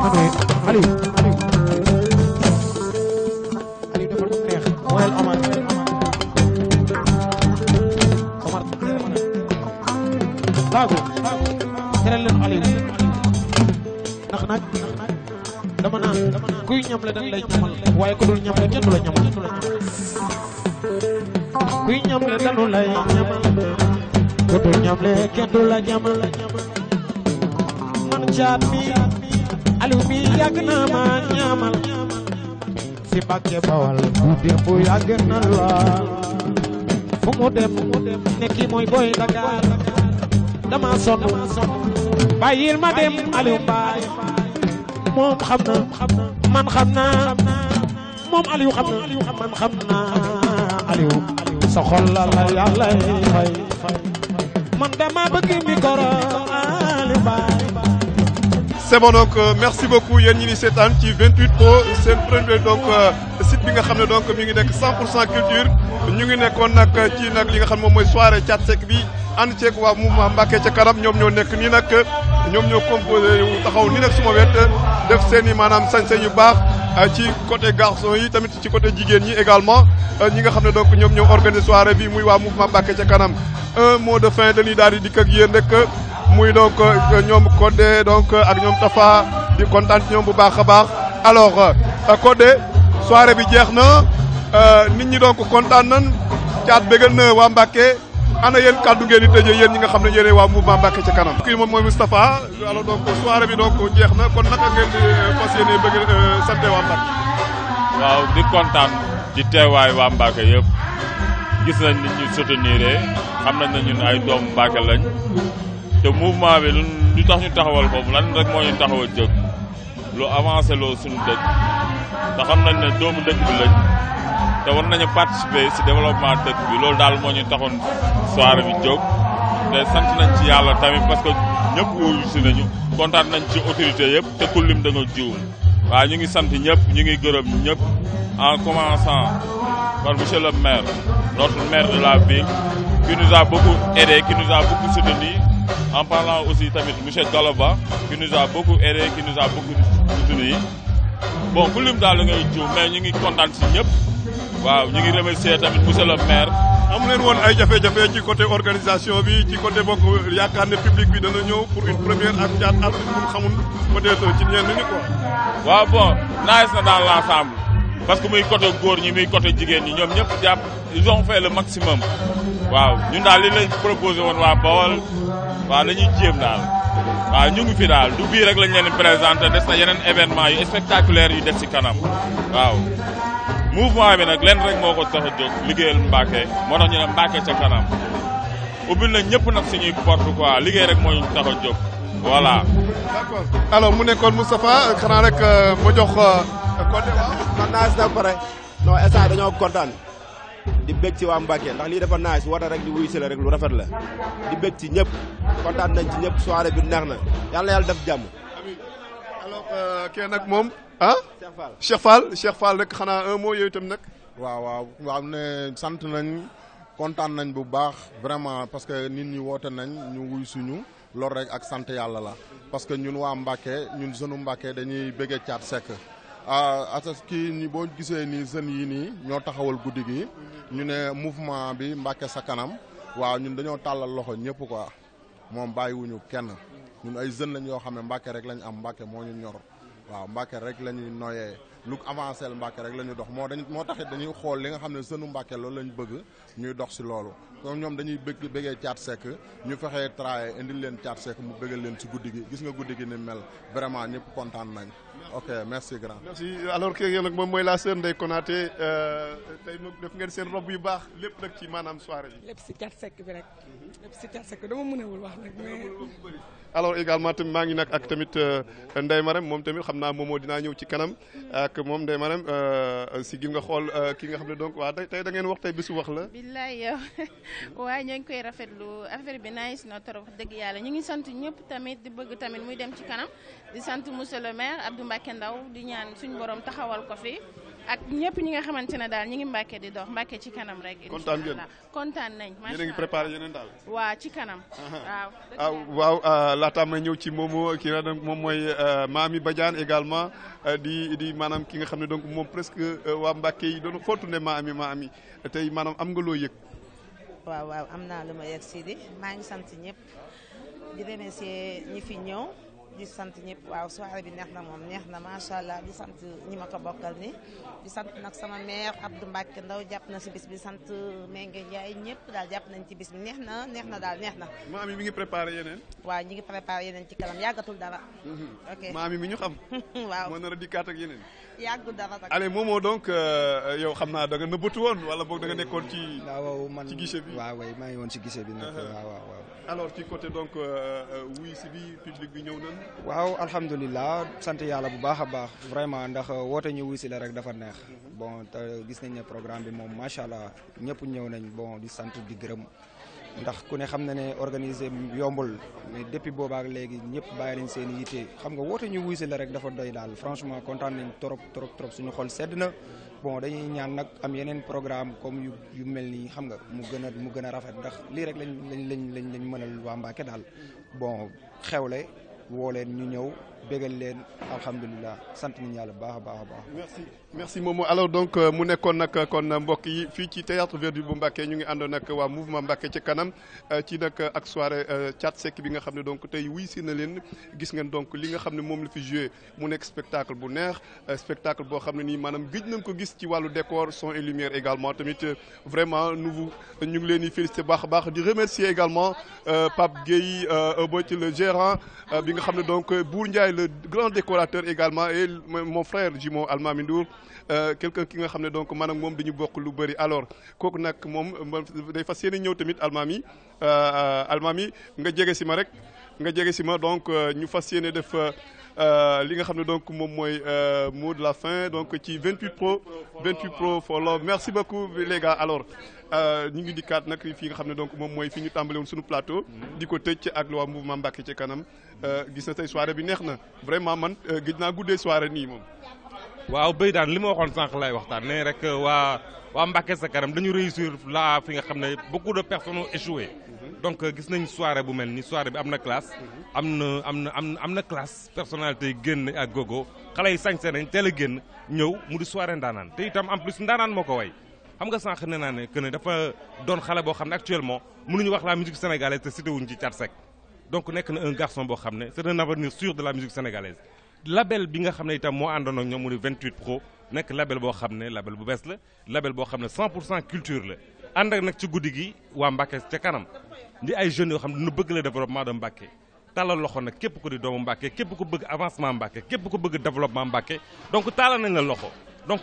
ma ne Aliou Aliou Aliou defal ko neex mooyal Omar Omar baago tere leen Aliou ndax nag dama naan kuy ñamle dañ lay ñamal waaye ku dul ñamle kenn du la ñamal kuy ñamle dañu lay ñamal ku dul ñamle kenn du la ñamal Thiam bi Aliou bi yàgg na ma ñaamal si Mbàkke Bawal bu démb yàgg na la fu mu dem ne kii mooy boy Dakar dama sonn bàyyil ma dem Aliou Mbaye moom xam na man xam naa moom Aliou xam na man xam naa Aliou sa xol la la yàlla fay man dama bëgg mi koro Aliou Mbaye c'est bon euh, merci beaucoup yéen ñi ni seetaan ci 28 Pro seen premier donc euh, site bi nga xam ne donc mi ngi nekk 100 pour cent culture ñu ngi nekkoon nag ci nag ñi nga xam moom mooy soirée Thiat Seck bi ànd ceeg waa mouvement Mbacké ca kanam ñoom ñoo nekk nii nag ñoom ñoo composé wu taxaw nii nag suma wet def seen i maanaam sañse yu baax euh, ci côté garçon yi tamit ci côté jigéen ñi également ñi nga xam ne donc ñoom ñoo organisé soirée bi muy waa mouvement Mbacké ca kanam un mot de fin dañuy daal di dikk yéen rek muy donc euh, ñoom Codé donc euh, ak ñoom Tafa di kontaan ci ñoom bu baax a baax alors euh, Codé soirée bi jeex na nit ñi donc kontaan nan caat bégal na waa mbaake ana yéen kaddu ngeen di tëjee yen ñi nga xam ne yéenay waa mouvement Mbacké ca kanam. kii moom mooy Moustapha alors donc soirée bi donc jeex na kon naka ngeen di fas yéene bëgg sante waa Mbacké. waaw di kontaan ci teewaay waa Mbacké yëpp gis nañ ni ñu soutenir xam nañ ne ay doomu Mbacké lañ. te mouvement bi lu tax ñu taxawal ko lan rek moo ñu taxaw a jóg lu avancé loo suñu dëkk te xam nañ ne doomu dëkk bi lañ te war nañu participer si développement dëkk bi loolu daal moo ñu taxoon soirée bi jóg te sant nañ ci yàlla tamit parce que ñëpp wuyu si nañu kontaan nañ ci autorité yëpp te ku lim da nga jiwum ñu ngi sant ñëpp ñu ngi gërëm ñëpp en commençant par monsieur le maire de la ville qui nous a beaucoup aidé qui nous a beaucoup soutenu En parlant aussi tamit monsieur Galoba qui nous a beaucoup aidé qui nous a beaucoup soutenu bon ku lim daal la ngay jiw mais ñu ngi kontaan si ñëpp waaw ñu ngi remercier tamit monsieur le maire. woon ay jafe-jafe ci côté organisation bi ci côté bokk yaakaar ne public bi dana ñëw pour une première ak ñaar artiste bu xamul peut ci ñenn ñi quoi. waaw bon naaj na dans l'ensemble parce que muy côté góor ñi muy côté jigéen ñi ñoom ñëpp jàpp ils ont fait le maximum waaw ñun daal waaw dañuy jéem daal waaw ñu ngi fi daal du bii rek lañ leen présenté des na yeneen événement yu spectaculaire yu def ci kanam waaw mouvement bi nag leen rek moo ko tax a jóg liggéeyal Mbacke moo tax ñu ne Mbacke ca kanam ubbil na ñëpp nag suñuy porte quoi liggéey rek moo ñu tax a jóg voilà. d'accord alors mu nekkoon Moustapha xanaa rek euh, ma jox. Euh, kontaan waaw man naa si pare non instant dañoo kontaan. di bëgg ci waa Mbacke ndax lii dafa naaj wata rek di wuyu si la rek lu rafet la di bëgg ci ñëpp kontaan nañ ci ñëpp soirée bi neex na yàlla yàlla def jàmm. amiin alors euh, kee nag moom ah. Cheikh Fall Cheikh Fall rek xanaa un mot itam nag. waaw waaw waaw ne sant nañ kontaan nañ bu baax vraiment parce que nit ñi woote nañ ñu wuy suñu loolu rek ak sant yàlla la parce que ñun waa Mbacke ñun jeune Mbacke dañuy bëggee Thiat Seck. kii ni boo gisee ni jeunes yi nii ñoo taxawal guddi gi ñu ne mouvement bi Mbàkke sa kanam waaw ñun dañoo tàllal loxo ñëpp quoi moom bàyyiwuñu kenn ñun ay jeunes lañ yoo xam ne Mbàkke rek lañ am Mbàkke moo ñu ñor waaw Mbàkke rek la ñuy noyee lu avancé Mbàkke rek la ñuy dox moo dañ moo taxit dañuy xool li nga xam ne sënu Mbàkke loolu lañ bëgg ñuy dox si loolu kon ñoom dañuy bëgg bëggee caat sekk ñu fexee traay indi leen caat sekk mu bëggal leen si guddi gi gis nga guddi gi ni mel vraiment ñëpp kontaan nañ ok merci grand. merci moom mooy la sœur Ndeye Konaté euh, tey moom def ngeen seen rob yu baax lépp nag ci maanaam soirée bi. lépp si cat sec bi rek. lépp si cat sec bi dama mënewul wax nag. mais maa ngi nag ak tamit euh, Ndeye Marème moom tamit xam naa moomoo dinaa ñëw ci kanam ak moom Ndeye Marème euh, si gis nga xool ki nga xam ne donc waa tey da ngeen wax tey bisu wax la. billaay yow [LAUGHS] waa ñoo ngi koy rafetlu affaire bi nice na trop wax dëgg yàlla ñu ngi sant ñëpp tamit di bëgg tamit muy dem ci kanam di sant monsieur Mbacke Ndaw di ñaan suñ borom taxawal ko fi ak ñëpp ñi nga xamante ne daal ñi ngi Mbacke di dox Mbacke ci kanam rek. kontaan ngeen kontaan nañ. macha allah daal. waa ci kanam. waaw ah, waaw ah, laataa ñëw ci moomu kii moom mooy euh, Mamy Badiane également euh, di di maanaam ki nga xam ne donc moom presque euh, waa Mbacke yi doon maa tourné Mamy Mamy tey maanaam am nga loo yëg. waaw waaw am naa lu ma yegg si di maa ngi sant ñëpp di remercier ñi fi ñëw. di sant ñëpp waaw soirée bi neex na moom neex na macha allah di sant ñi ma ko bokkal ni di sant nag sama maire Abdou Mbacke Ndaw jàpp na si bis bi sant Menge Ndiaye ñëpp daal jàpp nañ ci bis bi neex na neex na daal neex na. maam yi mi ngi préparé yeneen. waaw ñi ngi préparé yeneen ci kanam yàggatul dara. [LAUGHS] ok maam yi mi ñu xam. [LAUGHS] waaw moo nar a dikkaat ak yeneen. yàggul dafa sax. allez Momo donc euh, yow xam naa da nga nëbbatu woon wala boog da nga nekkoon ci. Ah, waaw man ci guichet bi waaw waaw maa ngi woon ci guichet bi uh-huh. waaw waaw alors ci côté donc wuyu euh, euh, bi public bi ñëw nan waaw alhamdulilah sant yàlla bu baax a baax vraiment ndax woote ñu wuyu si la rek dafa neex. Uh-huh. bon te gis nañ ne programme bi moom macha allah ñëpp ñëw nañ bon di sant di gërëm. ndax ku ne xam na ne organiser yombul mais depuis boobaak léegi ñëpp bàyyi nañ seen yitte xam nga woote ñu wuy si la rek dafa doy daal franchement kontaan nañ trop trop trop suñu xol sedd na bon dañuy ñaan nag am yeneen programme comme yu yu mel nii xam nga mu gën a mu gën a rafet ndax lii rek lañ lañ lañ lañ mënal waa Mbacké daal bon xewle woo leen ñu ñëw bégal leen alhamdulilah sant nañu yàlla baax a baax a baax. merci merci Momo alors donc euh, mu nekkoon nag euh, kon mbokk yi fii ci théâtre Verdure bu Mbacké ñu ngi àndoon nag waa mouvement Mbacké ci kanam euh, ci nag ak soirée Thiat Seck bi nga xam ne donc tey wuy si na leen gis ngeen donc li nga xam ne moom la fi joué mu nekk spectacle bu neex spectacle boo xam ne nii maanaam gëj nañ ko gis ci wàllu décor son et lumière également tamit vraiment nous ñu ngi leen di félicité baax a baax di remercier également Pape Gueye Boyti le gérant bi nga xam le grand décorateur également et mon frère jumeau Alma Mindour euh, quelqu'un ki nga xam ne donc man moom dañu bokk lu bari alors kooku nag moom day fa yéene ñëw tamit Alma mi euh, Alma mi nga jege si ma rek nga jege si ma donc euh, ñu fas yéene def li nga xam ne donc moom mooy mot de la fin donc ci 28 pro 28 pro for merci beaucoup les gars alors Euh, ñu ngi di dikkaat nag fi nga xam ne donc moom mooy fi ñu tàmbale woon suñu plateau mm-hmm. di ko tëj ak lu waa mouvement Mbacké ci kanam euh, gis na tey soirée bi neex na vraiment man euh, gëj naa guddee soirée nii moom waaw bay daan li ma waxoon sànq lay waxtaan ne rek waa waa Mbacké sa kanam dañu réussir laa fi nga xam ne beaucoup de personnes ont échoué mm-hmm. donc gis nañ soirée bu mel ni soirée bi am na classe mm-hmm. am na am na am na classe personnalité yi génn ak gogo xale yi sañse nañ teel a génn ñëw mu di soirée ndaanaan te itam en moo ko way xam nga sànq ne naa ne que ne dafa doon xale boo xam ne actuellement mënuñu wax la musique sénégalaise te cité wuñ ci Thiat Seck donc nekk na un garçon boo xam ne c'est un avenir sûr de la musique sénégalaise label bi nga xam ne itam moo àndoon ak ñoom mu pro nekk label boo xam ne label bu bees la label boo xam ne 100 pour cent culture la ànd ak nag ci guddi gi waa Mbacké ca kanam di ay jeunes yoo xam ne dina bëgg le développement de Mbacké tàllal loxo nag képp ko di doomu képp ko bëgg avancement Mbacké képp ko bëgg développement Mbacké donc tàllal nañ la loxo donc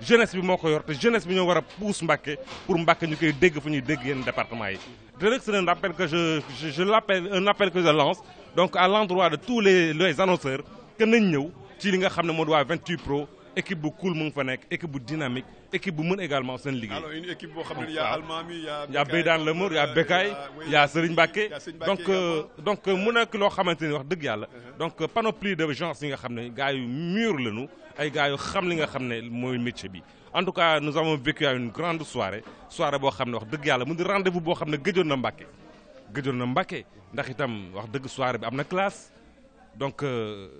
jeunesse bi moo ko yor te jeunesse bi ñoo war a pousse Mbacké pour Mbacké ñu koy dégg fu ñuy dégg yenn département yi te nag appel que je je l'appelle un appel que je lance donc à l'endroit de tous les les annonceurs que nañ ñëw ci li nga xam ne moo di waa 28 pro équipe bu cool mu ngi fa nekk équipe bu dynamique équipe bu mën également seen liggéey. alors une équipe boo xam ne y' a Almami y' a. y' a Beydaan donc euh, donc euh, mu nekk loo xamante ni wax dëgg yàlla. Uh-huh. donc euh, panoplie de gens yi nga xam ne gars yu mûr lañu ay gars yu xam li nga xam ne mooy métier bi. en tout cas nous avons vécu à une grande soirée soirée boo xam ne wax dëgg yàlla mu di rendez vous boo xam ne gëjoon na Mbacke gëjoon na Mbacke ndax itam wax dëgg soirée bi am na classe donc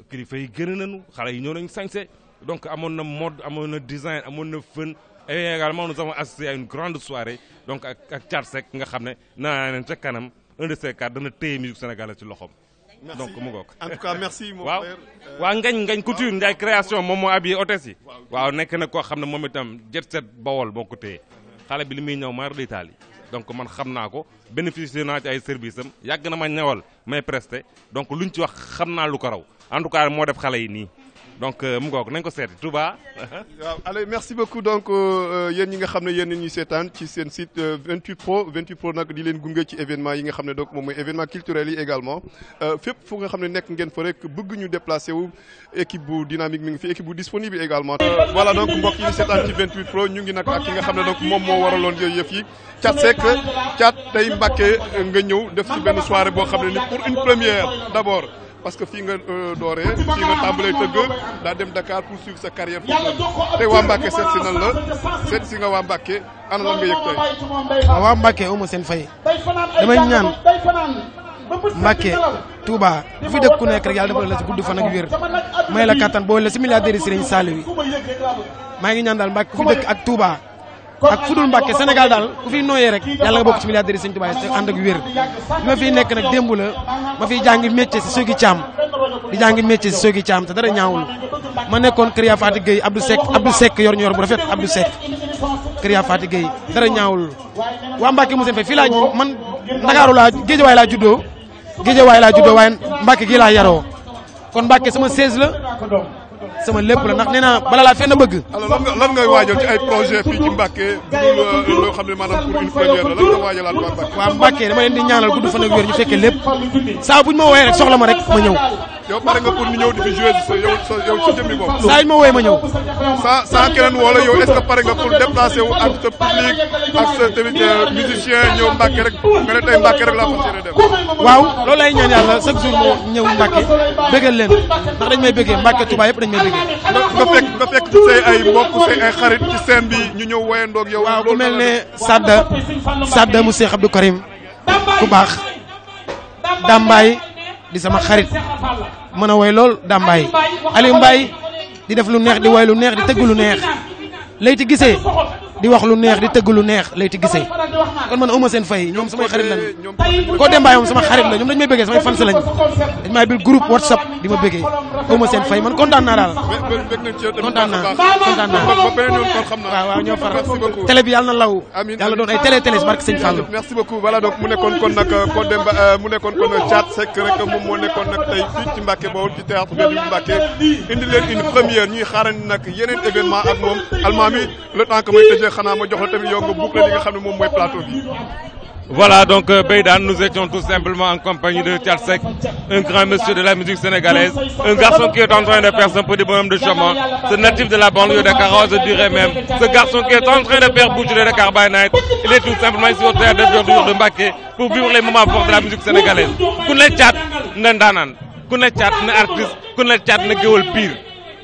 kilifa yi génn nañu xale yi ñëw nañu sañse donc amoon na mode amoon na design amoon na fën et également nous avons assisté à une grande soirée donc ak ak Thiat nga xam ne naa leen ca kanam un de ces quatre dana téye musique sénégalaise ci loxoom. donc mu ngoog. merci mon frère. Euh, waaw waaw ngañ ngañ couture Ndiaye création moom moo habillé hôtesse yi. waaw nekk na koo xam ne moom itam jet set bawol boo ko téye xale bi li muy ñëw maar d'Italie donc man xam naa ko bénéficié naa ci ay services am yàgg na ma ñëwal may presté donc luñ ci wax xam naa lu ko raw en tout cas moo def xale yi nii. donc euh, mu ngoog nañ ko seeti Touba. [LAUGHS] waaw allez merci beaucoup donc euh, euh, yéen ñi nga xam ne yéen ñuy seetaan ci seen site 28 pro 28 pro nag di leen gunge ci événement yi nga xam ne donc moom mooy événement culturel yi également fépp fu nga xam ne nekk ngeen fa rek bëgg ñu déplacé wu équipe bu dynamique mi ngi fi équipe bu disponible également. voilà donc mbokk yi seetaan ci pro ñu ngi nag ak ki nga xam ne donc moom moo waraloon yooyu yëf yi Thiat Seck Thiat tey Mbacke nga ñëw def ci benn soirée boo xam ne ni pour parce que fii nga euh, dooree fii nga tàmbalee tëgg ah. daa dem Dakar pour suivre sa carrière foofu tey waa Mbacke seet si la seet si nga waa Mbacke ana lan nga yëg tey. waaw waa Mbacke uma seen fay damay ñaan Mbacke Touba bu fi dëkk ku nekk rek yàlla defal la si gudd fan ak wér may la kattan boole la si milliardaire yi Serigne Saliou wi maa ngi ñaan daal Mbacke ku fi dëkk ak Touba. ak fudul mbake senegal daal ku fi nooyee rek yàlla nga bokk ci milliardaires yi sëñ Tuubaa te ànd ak wér bi ma fiy nekk nag démb la ma fiy jàngi métier si Sogui Thiam di jàngi métier si Sogui Thiam te dara ñaawul ma nekkoon Kriya Fati Gueye Abdou Seck Abdou Seck yor ñu yor bu rafet Abdou Seck Kriya Fati Gueye dara ñaawul waa Mbàkke mu seen fay fii laa man Ndakaaru laa Géejawaay laa juddoo Géejawaay laa juddoo waaye Mbàkke gii laa yaroo kon Mbàkke sama 16 la sama lépp la ndax nee naa bala laa fenn bëgg. alors lan nga lan ngay waajal ci ay projet fii ci Mbacké du loo xam ne maanaam pour une première la lan nga waajalaat waa Mbacké. waaw Mbacké dama leen di ñaanal gudd fan ak wér ñu fekkee lépp saa bu ñu ma woowee rek soxla ma rek ma ñëw yow pare nga pour ñu ñëw di fi jouer sa yow sa yow ci jëmmi bopp. ma wooy ma ñëw. saa saa keneen wala yow est-ce que pare nga pour déplacer wu ak sa public ak sa tamit euh, musicien ñëw Mbàkke rek nga ne tey Mbàkke rek laa fas yéene dem. waaw loolu lay ñaan yàlla chaque jour moo ñëw Mbàkke bëggal leen ndax dañ may bëggee Mbàkke yëpp dañ may bëggee. nga fekk nga fekk say ay mbokk say ay xarit ci scène bi ñu ñëw woyandoo ak yow. waaw ku mel ne Sadda Sadda mu seex Cheikh Abdou Karim bu baax Dambaay. di sama xarit mën a woy lool dàmbaay Aliou Mbaye di def lu neex di woy lu neex di tëgg lu neex Leyti Guissé di wax lu neex di tëgg lu neex lay ti gisee kon man awma seen fay ñoom samay xarit lañ ko Demba moom sama xarit lañ dañ may bil groupe whatsapp di ma bëggee awma seen fay man kontaan daal kontaan naa kontaan naa waaw waaw merci beaucoup voilà donc mu nekkoon kon nag euh, euh, ko euh, rek moom moo nekkoon nag tey fii ci Mbacké Bawol ci théâtre bi Mbacké indi leen une première ñuy xaarandi nag yeneen événement ak moom almaami le temps obligé xanaa ma jox la tamit yow nga boucler li nga xam ne moom mooy plateau bi. Voilà donc euh, Beydane nous étions tout simplement en compagnie de Thiat un grand monsieur de la musique sénégalaise un garçon qui est en train de faire son petit bonhomme de chemin ce natif de la banlieue de Dakar je dirais même ce garçon qui est en train de faire bouger le Dakar by il est tout simplement ici au théâtre de Verdure de Mbacké pour vivre les moments forts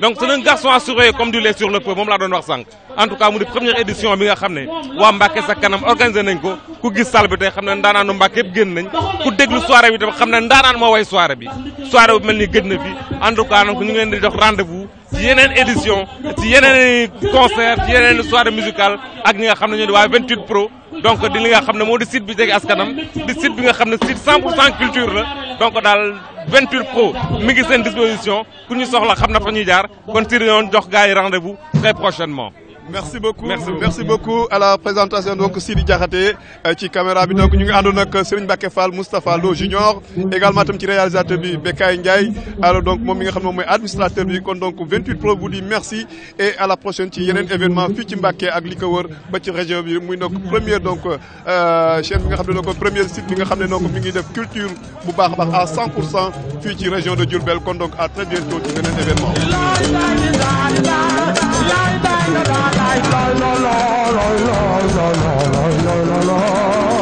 donc c'est un garçon à surveiller comme du lait sur moom laa doon wax sànq en mu di première édition bi nga xam ne waa Mbàkke sa kanam organisé nañ ko ku gis salle xam ne ndaanaanu Mbàkke yëpp génn nañ ku déglu soirée bi tam xam ne ndaanaan moo way soirée bi soirée bu mel ni gëj na fi en tout cas ñu ngi di jox rendez-vous ci yeneen édition ci yeneen concert ci yeneen soirée musicale ak ñi nga xam ne ñoo di waa 28 pro donc di li nga xam ne moo di site bi jege askanam di site bi nga xam ne site 100 pour cent culture la donc daal 28 pro mi ngi seen disposition ku ñu soxla xam na fa ñuy jaar kon si dañoo jox gars yi rendez-vous très prochainement merci beaucoup merci beaucoup à la présentation donc Sidi Diakhaté euh, ci caméra bi donc ñu ngi àndoon ak Serigne Mbacké Fall Moustapha Lo junior également tam ci réalisateur bi Bekay Ndiaye alors donc moom mi nga xam ne moom mooy administrateur bi kon donc 28 Pro vous dit merci et à la prochaine ci yeneen événement fii ci Mbacké ak li ko wër ba ci région bi muy donc première donc euh, chaîne bi nga xam ne donc première site bi nga xam ne donc mi ngi def culture bu baax a baax à pour cent fii ci région de Diourbel kon donc à lay lay la la lay lay la la la la la la la la